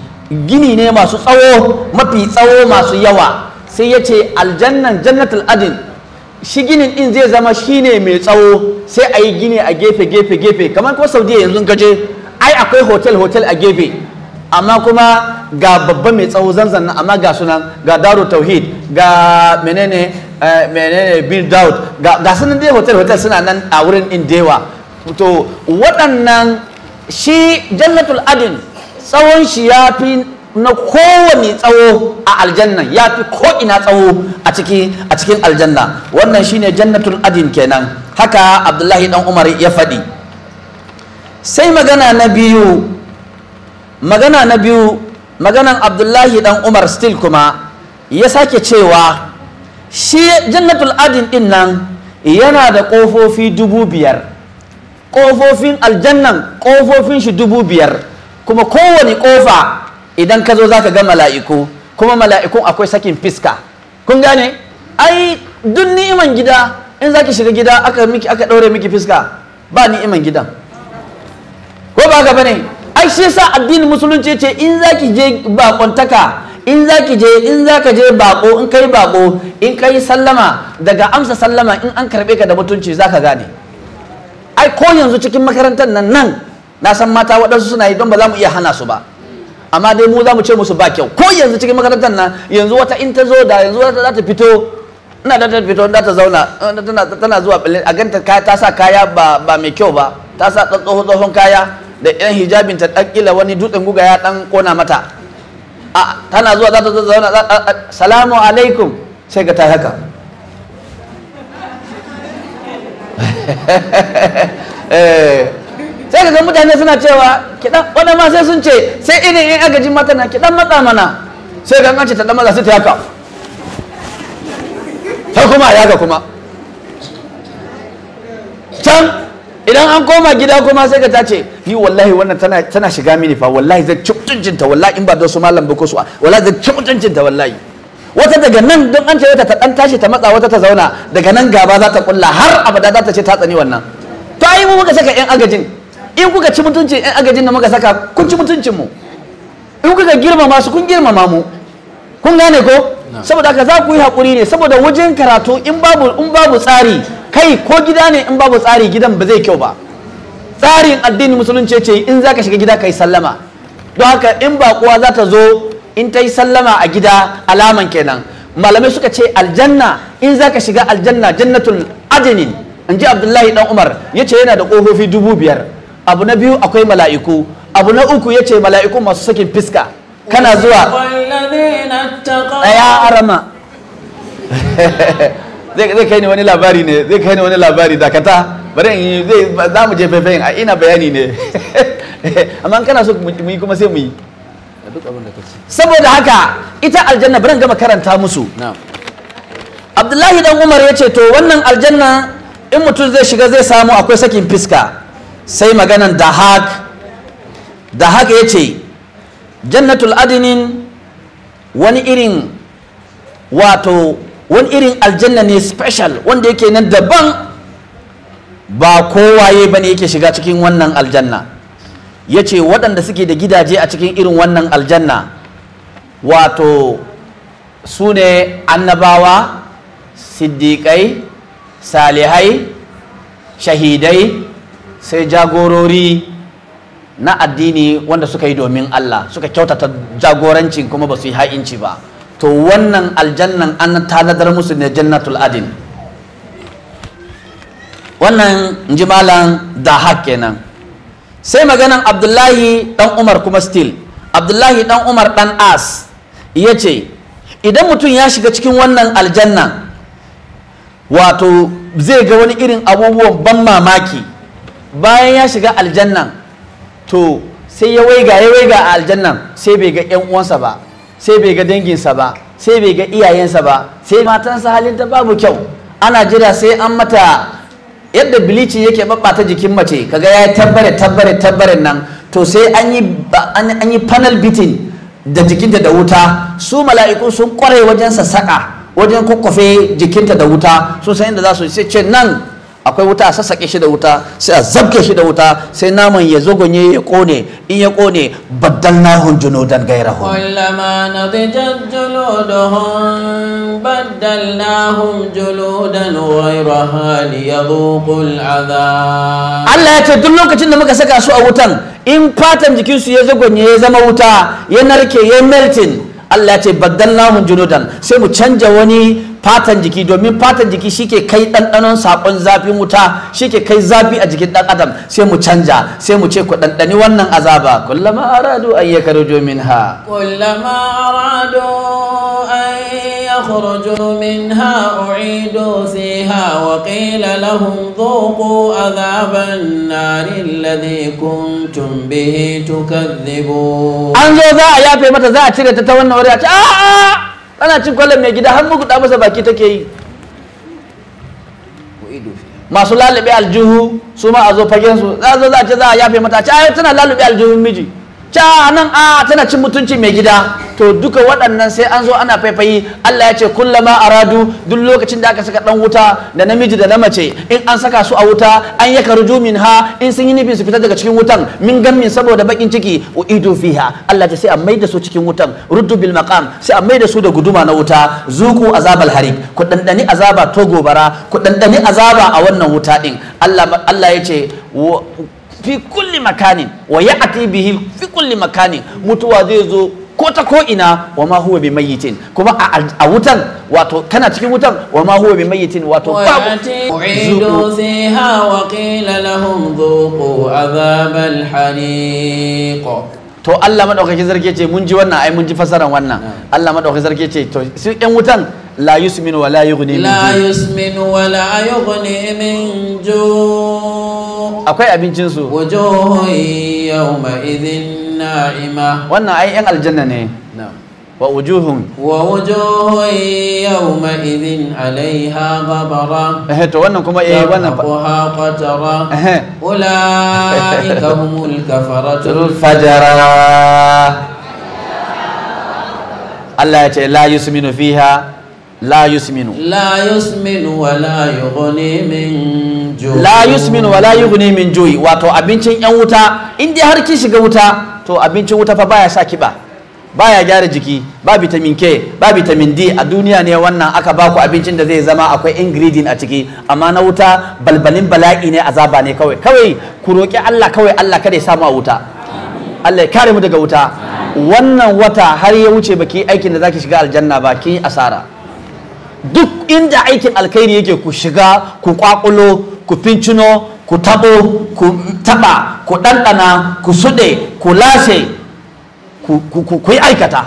gini ne masu tsawo mafi tsawo masu yawa sai ya ce aljannan jannatul adil shi ginin din zai zama shine mai tsawo sai a yi gini a gefe gefe gefe kamar ko saudiya yanzu gaje ai akwai hotel hotel a gefe amma kuma ga babba mai tsawo zanzan nan amma ga sunan ga daru tauhid ga menene eh, menene bin daud ga ga sunan dai hotel hotel suna nan a wurin din dewa to waɗannan shi jannatul adin tsawon shi ya fi na kowane tsawo a aljanna ya fi ko'ina tsawo a cikin aljanna wannan shine jannatul adin kenan haka abdullahi dan umar ya faɗi sai magana na biyu magana na biyu maganan abdullahi dan umar still kuma ya sake cewa shi jannatul adin din nan yana da ƙofofi dubu biyar ƙofofin aljannan ƙofofin shi dubu biyar kuma kowane ƙofa idan ka zo za ka ga mala'iku kuma mala'ikun akwai sakin fiska kun gane ai duk ni'iman gida in za ki shiga gida aka ɗaure miki fiska ba ni'iman gidan ko ba ka bane ai shi sa addinin musulunci ce in za ki je bakontaka in za ki je in za ka je bako in kai bako in kai sallama daga amsa sallama in an karɓe ka da mutunci za ka gane ai ko yanzu cikin makarantar nan nan na san mata waɗansu suna yi don ba za mu iya hana su ba amma dai mu za mu ce musu ba kyau ko yanzu cikin makarantar nan yanzu wata in ta zo da yanzu wata za ta fito ina da ta fito da ta zauna tana zuwa a ganta ta sa kaya ba mai kyau ba ta sa tsohon tsohon kaya da yan hijabin ta dan kila wani dutsen guga ya dan kona mata a tana zuwa za ta zauna salamu alaikum sai ga ta haka [LAUGHS] eh sai ga mutane suna cewa kiɗan wanda ma sai sun ce sai irin yan agajin mata na kiɗan matsa mana sai ka an ce ta ɗan matsa sai ta yaka ta kuma a yaka kuma can idan an koma gida kuma sai ka tace ni wallahi wannan tana tana shiga mini fa wallahi zai ci ta wallahi in ba da su malam ba ko su wallahi zai ci ta wallahi wata daga nan don an ce wata ta dan tashi ta matsa wata ta zauna daga nan gaba za ta kulla har abada za ta ce ta tsani wannan to yi mu muka saka yan agajin in kuka ci mutuncin yan agajin da muka saka kun ci mutuncinmu? in kuka girmama su kun girmama mu kun gane ko saboda haka za ku yi hakuri ne saboda wajen karatu in babu tsari kai ko gida ne in babu tsari gidan ba zai kyau ba tsarin addinin musulunci ce in zaka shiga gida kai sallama don haka in bakuwa za ta zo in ta yi sallama a gida alaman kenan malamai suka ce aljanna in zaka shiga aljanna jannatul adinin in ji abdullahi dan umar ya ce yana da ƙofofi dubu biyar abu na biyu akwai mala'iku abu na uku ya ce mala'iku masu sakin fiska kana zuwa ɗaya arama [LAUGHS] zai kai ni wani labari ne zai kai ni wani labari dakata bari in yi zai za mu je faifayin a ina bayani ne [LAUGHS] amma kana so mu yi kuma sai mu yi saboda haka ita aljanna bari gama karanta musu abdullahi dan umar ya ce to wannan aljanna in mutum zai shiga zai samu akwai sakin fiska sai maganan dahak dahak ya ce jannatul adinin wani irin wato wani irin aljanna ne special wanda yake nan daban ba kowaye ba ne yake shiga cikin wannan aljanna ya ce waɗanda suke da gidaje a cikin irin wannan aljanna wato su ne annabawa siddiƙai salihai shahidai sai jagorori na addini wanda suka yi domin Allah suka kyautata jagoranci kuma ba su yi ha'inci ba to wannan aljannan an tanadar musu ne jannatul adin wannan jimalan da haƙƙe nan. sai maganan abdullahi Ɗan umar kuma still abdullahi Ɗan umar Ɗan as ya ce idan mutum ya shiga cikin wannan aljannan wato zai ga wani irin abubuwan ban mamaki bayan ya shiga aljannan to sai ya waiga ya waiga a aljannan sai bai ga yan uwansa ba sai bai ga danginsa ba sai bai ga iyayensa ba sai matansa halin ta babu kyau ana jira sai an mata yadda bilici yake babbata jikin mace kaga ya tabbare tabbare tabbare nan to sai an yi an yi panel beating da jikinta da wuta su mala'iku sun kware wajen saka wajen kwakwafe jikinta da wuta so sai inda za su ce nan akwai wuta a sassaƙe shi da wuta sai a zabke shi da wuta sai naman ya zogonye ya kone in ya kone baddalnahum junudan ghayrahum kullama nadijat juluduhum baddalnahum hali ya liyadhuqul adhab Allah ya ce duk lokacin da muka saka su a wutan in fatan jikinsu ya zogonye ya zama wuta ya narke ya melting Allah ya ce lahun junudan sai mu canja wani fatan jiki domin fatan jiki shike kai ɗanɗanon saƙon zafin wuta shike kai zafi a jikin ɗan adam sai mu canja sai mu ce ku ɗanɗani wannan azaba kullama aradu an yakhruju ha. kullama aradu an u'idu وقيل لهم ذوقوا عذاب النار الذي كنتم به تكذبون an zo za a yafe mata za a cire ta ta wannan wuri a ce a'a tana cin kwallon mai gida har muguda masa baki take yi masu lalube aljuhu su ma a zo fagen su za a zo za a ce za a yafe mata a ce ai tana lalube aljihun miji ca nan a tana cin mutunci mai gida to duka waɗannan sai an zo ana faifayi Allah ya ce kullama aradu duk lokacin da aka saka dan wuta da namiji da na mace in an saka su a wuta an yaka ruju min ha in sun yi nufin su fita daga cikin wutan min gammin saboda bakin ciki uidu fiha Allah ta sai a maida su cikin wutan ruddu bil maqam sai a maida su da guduma na wuta zuku azabal harik ku dandani azaba to gobara ku dandani azaba a wannan wuta din Allah Allah ya ce fi kulli makanin wa ya'ti bihi fi kulli makanin mutuwa zai zo ko ta ko ina wa ma huwa bi mayyitin kuma a wutan wato kana cikin wutan wa ma huwa bi mayyitin wato babu uidu fiha wa qila lahum dhuqu azabal hariq to Allah madaukakin sarki ce mun ji wannan ai mun ji fasaran wannan Allah madaukakin sarki ce to su yan wutan la yusminu wa la yughni min la yusminu wa la yughni min ju akwai abincinsu wannan ai yan aljanna ne wa wujuhun wa wujuhun yawma idhin alaiha ghabara eh to wannan kuma eh wannan ha qatara ulaika [LAUGHS] humul kafaratul fajara [LAUGHS] Allah ya ce la yusminu fiha layusminu. yusminu la yusminu min joyi. min wato abincin yan wuta indiya har kin shiga wuta to abincin wuta fa baya sa kiba baya gyara jiki ba vitamin K ba vitamin D a duniya ne wannan aka baku abincin da zai zama akwai ingredient a ciki amma na wuta balbalin bala'i ne azaba ne kawai kawai ku roƙi Allah kawai Allah kada ya samu a wuta Allah ya kare mu daga wuta wannan wata har ya wuce baki aikin da zaki shiga aljanna ba ki asara duk inda aikin alkhairi yake ku shiga ku kwakulo ku fincino ku tabo ku taba ku ɗanɗana ku suɗe ku lashe ku yi aikata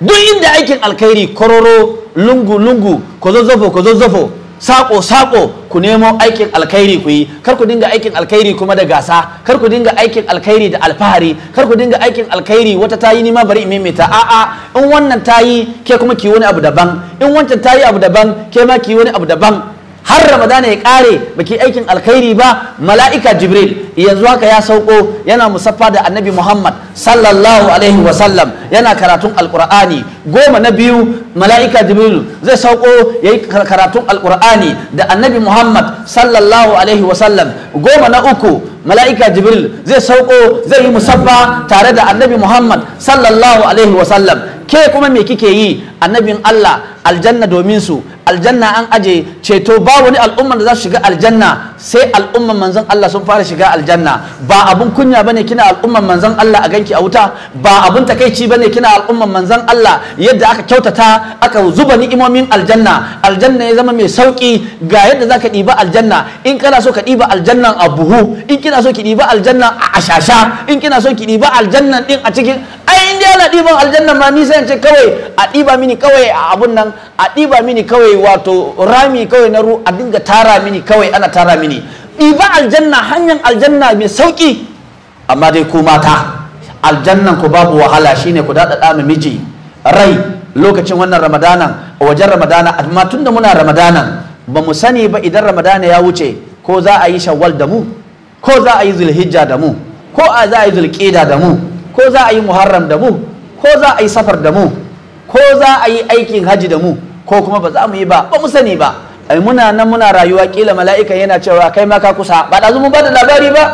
duk inda aikin alkhairi kororo lungu lungu ko zozzofo ko zozzofo sako sako ku nemo aikin alkhairi ku yi kar ku dinga aikin alkhairi kuma da gasa kar ku dinga aikin alkhairi da alfahari kar ku dinga aikin alkhairi wata tayi ni ma bari in maimaita a'a in wannan tayi ke kuma ki wani abu daban in wancan tayi abu daban ke ma ki wani abu daban har ramadana ya kare baki aikin alkhairi ba mala'ika jibril yanzu haka ya sauko yana musaffa da annabi muhammad sallallahu alaihi wasallam yana karatun alkur'ani goma na biyu mala'ika jibril zai sauko ya yi karatun alkur'ani da annabi muhammad sallallahu alaihi wasallam goma na uku mala'ika jibril zai sauko zai yi musabba tare da annabi muhammad sallallahu alaihi wasallam ke kuma me kike yi annabin allah aljanna domin su aljanna an aje ceto ba wani al'umma da za su shiga aljanna sai al'umman manzon Allah sun fara shiga aljanna ba abun kunya bane kina al'umman manzon Allah a ganki a wuta ba abun takaici bane ne kina al'umman manzon Allah yadda aka kyautata aka zuba ni'imomin aljanna aljanna ya zama mai sauki ga yadda zaka ɗiba aljanna in kana so ka ɗiba aljanna a buhu in kina so ki ɗiba aljanna a ashasha in kina so ki ɗiba aljanna din a cikin ai in dai ana ɗiban aljanna ma ni sai ce kawai a ɗiba mini kawai a abun nan a ɗiba mini kawai wato rami kawai na ru a dinga tara mini kawai ana tara mini ɗiba aljanna hanyar aljanna mai sauki amma dai ku mata aljannan ku babu wahala shine ku daɗaɗa miji rai lokacin wannan ramadanan a wajen ramadana amma da muna ramadanan ba mu sani ba idan ramadana ya wuce ko za a yi shawwal da mu ko za a yi zulhijja da mu ko a za a yi zulqida da mu ko za a yi muharram da mu ko za a yi safar da mu ko za a yi aikin haji da mu ko kuma ba za mu yi ba ba mu sani ba ai muna nan muna rayuwa kila mala'ika yana cewa kai ma ka kusa ba da mu ba da labari ba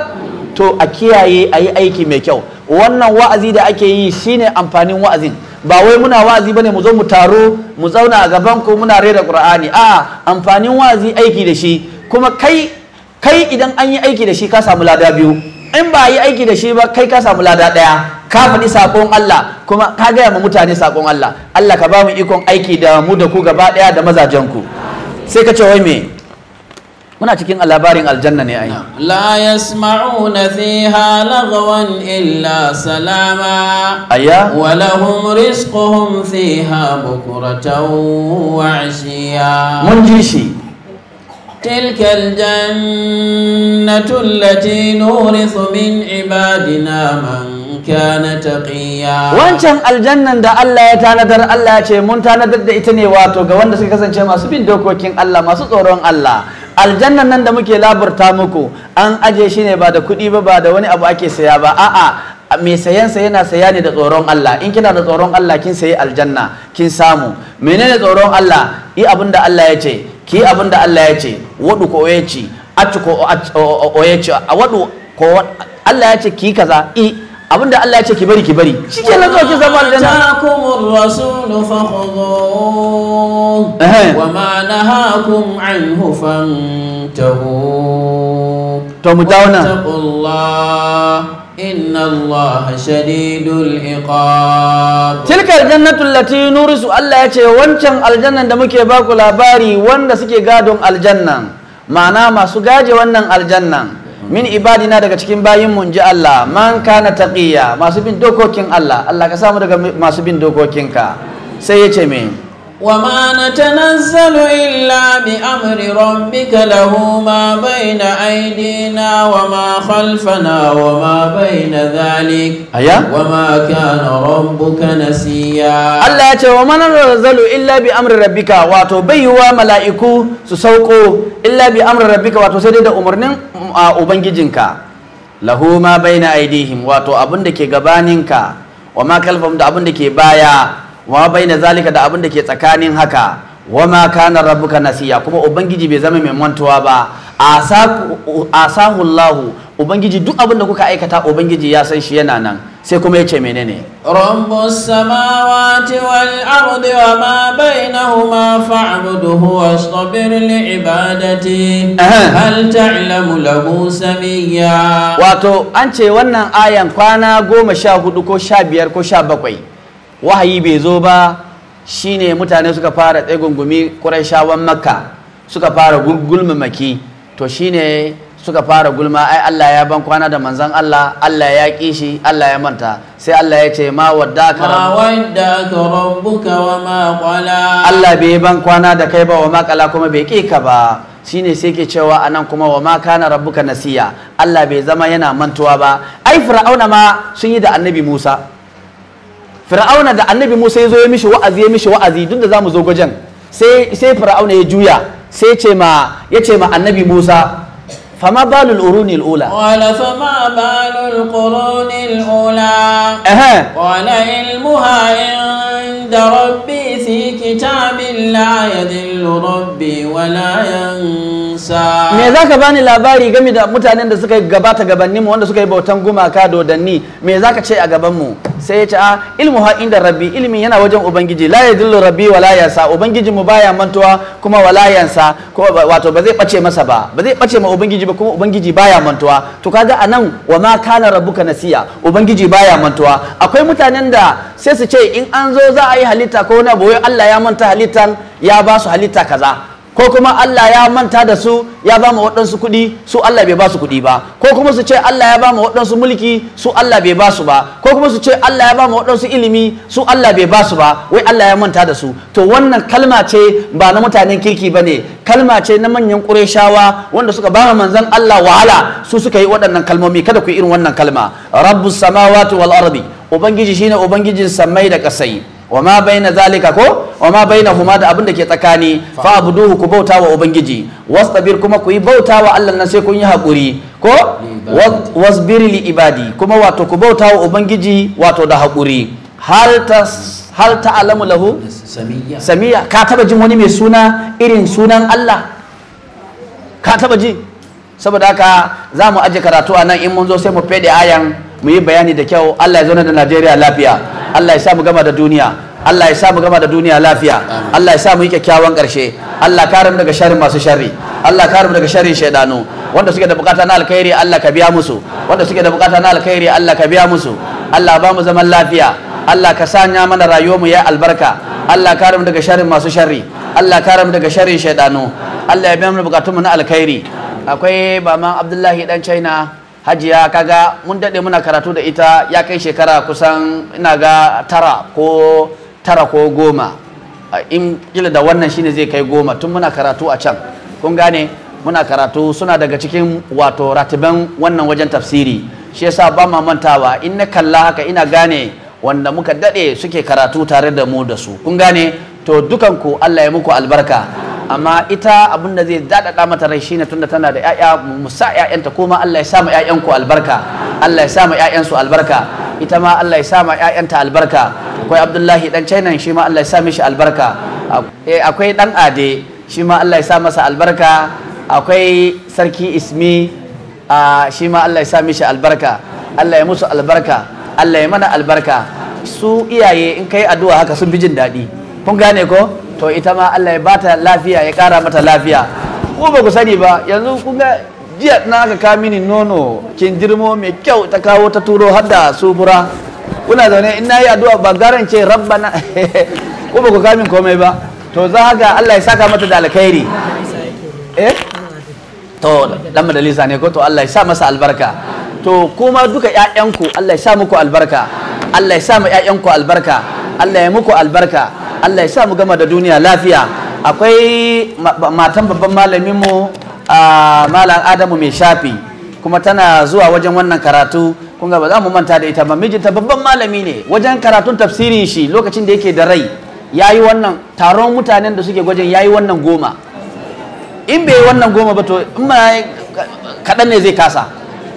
to a kiyaye a yi aiki mai kyau wannan wa'azi da ake yi shine amfanin wa'azin ba wai muna wa'azi ne mu zo mu taro mu zauna a gaban ku muna rera qur'ani a amfanin wa'azi aiki da shi kuma kai kai idan an yi aiki da shi ka samu lada biyu in ba yi aiki da shi ba kai ka samu lada ɗaya ka faɗi saƙon Allah kuma ka gaya ma mutane saƙon Allah Allah ka ba mu ikon aiki da mu da ku gaba ɗaya da mazajen ku sai ka ce wai me muna cikin labarin aljanna ne ai la yasma'una fiha lagwan illa salama aya wa lahum rizquhum fiha bukratan wa ashiya mun ji shi تلك الجنة التي man من عبادنا من كان تقيا وانشان الجنة دا الله يتاندر الله يتاندر الله يتاندر ita ne wato ga wanda suka kasance masu bin dokokin Allah masu tsoron Allah aljannan nan da muke labarta muku an aje shi ne ba da kuɗi ba ba da wani abu ake saya ba a'a mai sayansa yana saya ne da tsoron Allah in kina da tsoron Allah kin sayi aljanna kin samu menene tsoron Allah yi abin da Allah ya ce ki abin da Allah ya ce wadu ko ya ce a ko ya ce a wadu ko Allah ya ce ki kaza i abinda Allah ya ce ki bari ki bari shi ke nan kawai zama aljanna ja'akumur rasulu fakhudhu wa ma nahakum anhu fantahu to mu dawo inna Allah shadidul iqab tilka aljannatu allati nurisu Allah ya ce wancan aljannan da muke baku labari wanda suke gadon aljannan ma'ana masu gaje wannan aljannan min ibadina daga cikin bayin mun ji Allah man kana taqiya masu bin dokokin Allah Allah ka samu daga masu bin dokokinka sai ya ce min wa ma natanazzalu illa bi amri rabbika lahu ma baina aydina wa ma khalfana wa ma baina dhalik aya wa ma kana rabbuka nasiya Allah ya ce wa ma natanazzalu illa bi amri rabbika wato bayuwa mala'iku su sauko illa bi amri rabbika wato sai dai da umarnin ubangijinka lahu ma baina aidihim wato abin da ke gabaninka wa ma kalfam da abin da ke baya wa baina zalika da abin da ke tsakanin haka wa ma kana rabbuka nasiya kuma ubangiji bai zama mai mantuwa ba asahu Allahu ubangiji duk abin da kuka aikata ubangiji ya san shi yana nan sai kuma ya ce menene rabbus samawati wal ardi wa ma bainahuma fa'budhu wastabir li ibadati hal ta'lamu lahu samiyya wato an ce wannan ayan kwana goma sha hudu ko sha biyar ko sha bakwai wahayi bai zo ba shine mutane suka fara tsaye gungumi ƙurayshawan makka suka fara gulmamaki to shine suka fara gulma ai Allah ya ban kwana da manzan Allah Allah ya kishi, Allah ya manta sai Allah ya ce ma wadda ka rabbuka wa ma qala Allah bai ban kwana da kai ba wa ma qala kuma bai ƙi ka ba shine sai ke cewa anan kuma wa ma kana rabbuka nasiya Allah bai zama yana mantuwa ba ai fir'auna ma sun yi da annabi Musa fir'auna da annabi Musa ya zo ya mishi wa'azi ya mishi wa'azi duk da zamu zo gwajin sai sai fir'auna ya juya sai ce ce ma annabi Musa fama baalu l'uruni l'ula. wàlá fama baalu l'uruni l'ula. ẹ̀hẹ́n. wàlá ilmuha in. عند ربي في كتاب لا يذل ربي ولا ينسى me zaka bani labari game da mutanen da suka gabata gabanin mu wanda suka yi bautan gumaka dodanni me zaka ce a gaban mu sai ya ce a ah, ilmu ha inda rabbi ilmi yana wajen ubangiji la yadillu rabbi wala yansa ubangiji mu baya mantuwa kuma wala yansa wato ba zai bace masa ba ba zai bace ma ubangiji ba kuma ubangiji baya mantuwa to kaga anan wa ma kana rabbuka nasiya ubangiji baya mantuwa akwai mutanen da sai su ce in an zo za a yi halitta ko wani abu Allah ya manta halittan ya ba su halitta kaza ko kuma Allah ya manta da su ya ba mu waɗansu kuɗi su Allah bai ba su kuɗi ba ko kuma su ce Allah ya ba mu waɗansu mulki su Allah bai ba su ba ko kuma su ce Allah ya ba mu waɗansu ilimi su Allah bai ba su ba wai Allah ya manta da su to wannan kalma ce ba na mutanen kirki ba ne kalma ce na manyan ƙureshawa wanda suka ba manzon Allah wahala su suka yi waɗannan kalmomi kada ku yi irin wannan kalma rabbus samawati wal ardi ubangiji shine ubangijin samai da ƙasai wa ma baina zalika ko wa ma baina huma da abin da ke tsakani fa abuduhu ku bauta wa ubangiji wastabir kuma ku yi bauta wa Allah nan sai kun yi hakuri ko wasbir li ibadi kuma wato ku bauta wa ubangiji wato da hakuri hal ta hal ta alamu lahu samiya ka taba jin wani mai suna irin sunan Allah ka taba ji saboda haka za mu aje karatu a nan in mun zo sai mu fede ayan mu yi bayani da kyau Allah ya zauna da Najeriya lafiya Allah ya sa mu gama da duniya Allah ya sa mu gama da duniya lafiya Allah ya sa mu yi kyakkyawan ƙarshe Allah kare mu daga sharrin masu sharri Allah kare mu daga sharrin shaidanu wanda suke da bukata na alkhairi Allah ka biya musu wanda suke da bukata na alkhairi Allah ka biya musu Allah ba mu zaman lafiya Allah ka sanya mana rayuwar mu ya albarka Allah kare mu daga sharrin masu sharri Allah kare mu daga sharrin shaidanu Allah ya biya mu bukatunmu mu na alkhairi akwai baman Abdullahi dan China hajiya kaga mun daɗe muna karatu da ita ya kai shekara kusan ina ga tara ko tara ko goma in kila da wannan shine zai kai goma tun muna karatu a can kun gane muna karatu suna daga cikin wato ratiban wannan wajen tafsiri shi yasa ba ma mantawa in na kalla haka ina gane wanda muka daɗe suke karatu tare da mu da su kun gane to dukanku Allah ya muku albarka amma ita abin da zai daɗaɗa mata rai shine tunda tana da ƴaƴa musa ƴaƴanta kuma Allah ya sa ma ƴaƴanku albarka Allah ya sa ma ƴaƴansu albarka ita ma Allah ya sa ma ƴaƴanta albarka akwai Abdullahi dan China shi ma Allah ya sa mishi albarka eh, akwai dan Ade shi ma Allah ya sa masa albarka akwai sarki Ismi shi ma Allah ya sa mishi albarka Allah ya musu albarka Allah ya mana albarka su iyaye in kai addu'a haka sun fi jin daɗi kun gane ko to ita ma Allah ya bata lafiya ya kara mata lafiya ko ba ku sani ba yanzu kun ga jiya na aka ka mini nono kin jirmo mai kyau ta kawo ta turo har da sufura kuna zaune in nayi addu'a ba garan ce rabbana [LAUGHS] ko ba ku min komai ba to za haka Allah ya saka mata da alkhairi eh to dan madalisa ne ko to Allah ya sa masa albarka to kuma duka ƴaƴanku Allah ya sa muku albarka Allah ya sa mu ƴaƴanku albarka Allah ya muku albarka Allah ya sa mu gama da duniya lafiya akwai matan babban mu a malam adamu mai shafi kuma tana zuwa wajen wannan karatu kun ba za mu manta da ita ba mijinta babban malami ne wajen karatun tafsirin shi lokacin da yake da rai ya yi wannan taron mutanen da suke gwajin ya yi wannan goma in bai yi wannan goma ba to in ma kaɗan ne zai kasa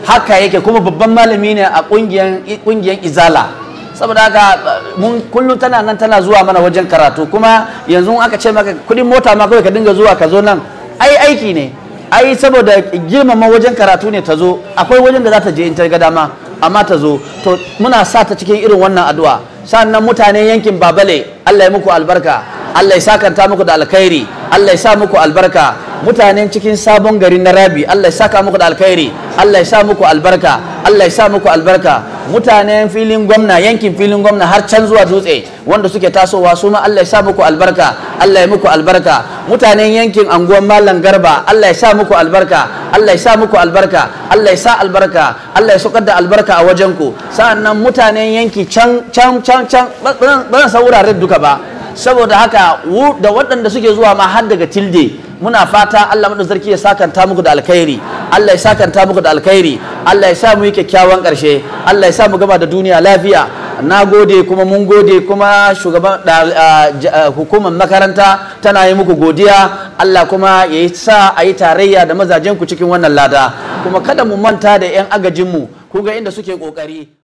haka yake kuma babban malami ne a ƙungiyar izala saboda haka mun kullum tana nan tana zuwa mana wajen karatu kuma yanzu aka ce maka kudin mota ma kawai ka dinga zuwa ka zo nan ai aiki ne ai saboda girmama wajen karatu ne ta zo akwai wajen da za ta je in ta ga dama amma ta zo to muna sa ta cikin irin wannan addu'a sannan mutanen yankin babale Allah ya muku albarka Allah ya sakanta muku da alkhairi Allah ya sa muku albarka mutanen cikin sabon gari na rabi Allah ya saka muku da alkhairi Allah ya sa muku albarka Allah ya sa muku albarka mutanen filin gwamna yankin filin gwamna har can zuwa dutse wanda suke tasowa su ma Allah ya sa muku albarka Allah ya muku albarka mutanen yankin anguwan mallam Garba Allah ya sa muku albarka Allah ya sa muku albarka Allah ya sa albarka Allah ya sokar da albarka a wajen ku sa'annan mutanen yanki can can can can ba zan sa duka ba saboda haka da waɗanda suke zuwa ma har daga tilde muna fata Allah mu sarki ya sakanta muku da alkhairi Allah ya sakanta muku da alkhairi Allah ya sa mu yi kyakkyawan ƙarshe Allah ya sa mu gama da duniya lafiya na gode kuma mun gode kuma shugaban hukumar makaranta tana yi muku godiya Allah kuma ya sa a yi tarayya da mazajen ku cikin wannan lada kuma kada mu manta da 'yan agajinmu ga inda suke ƙoƙari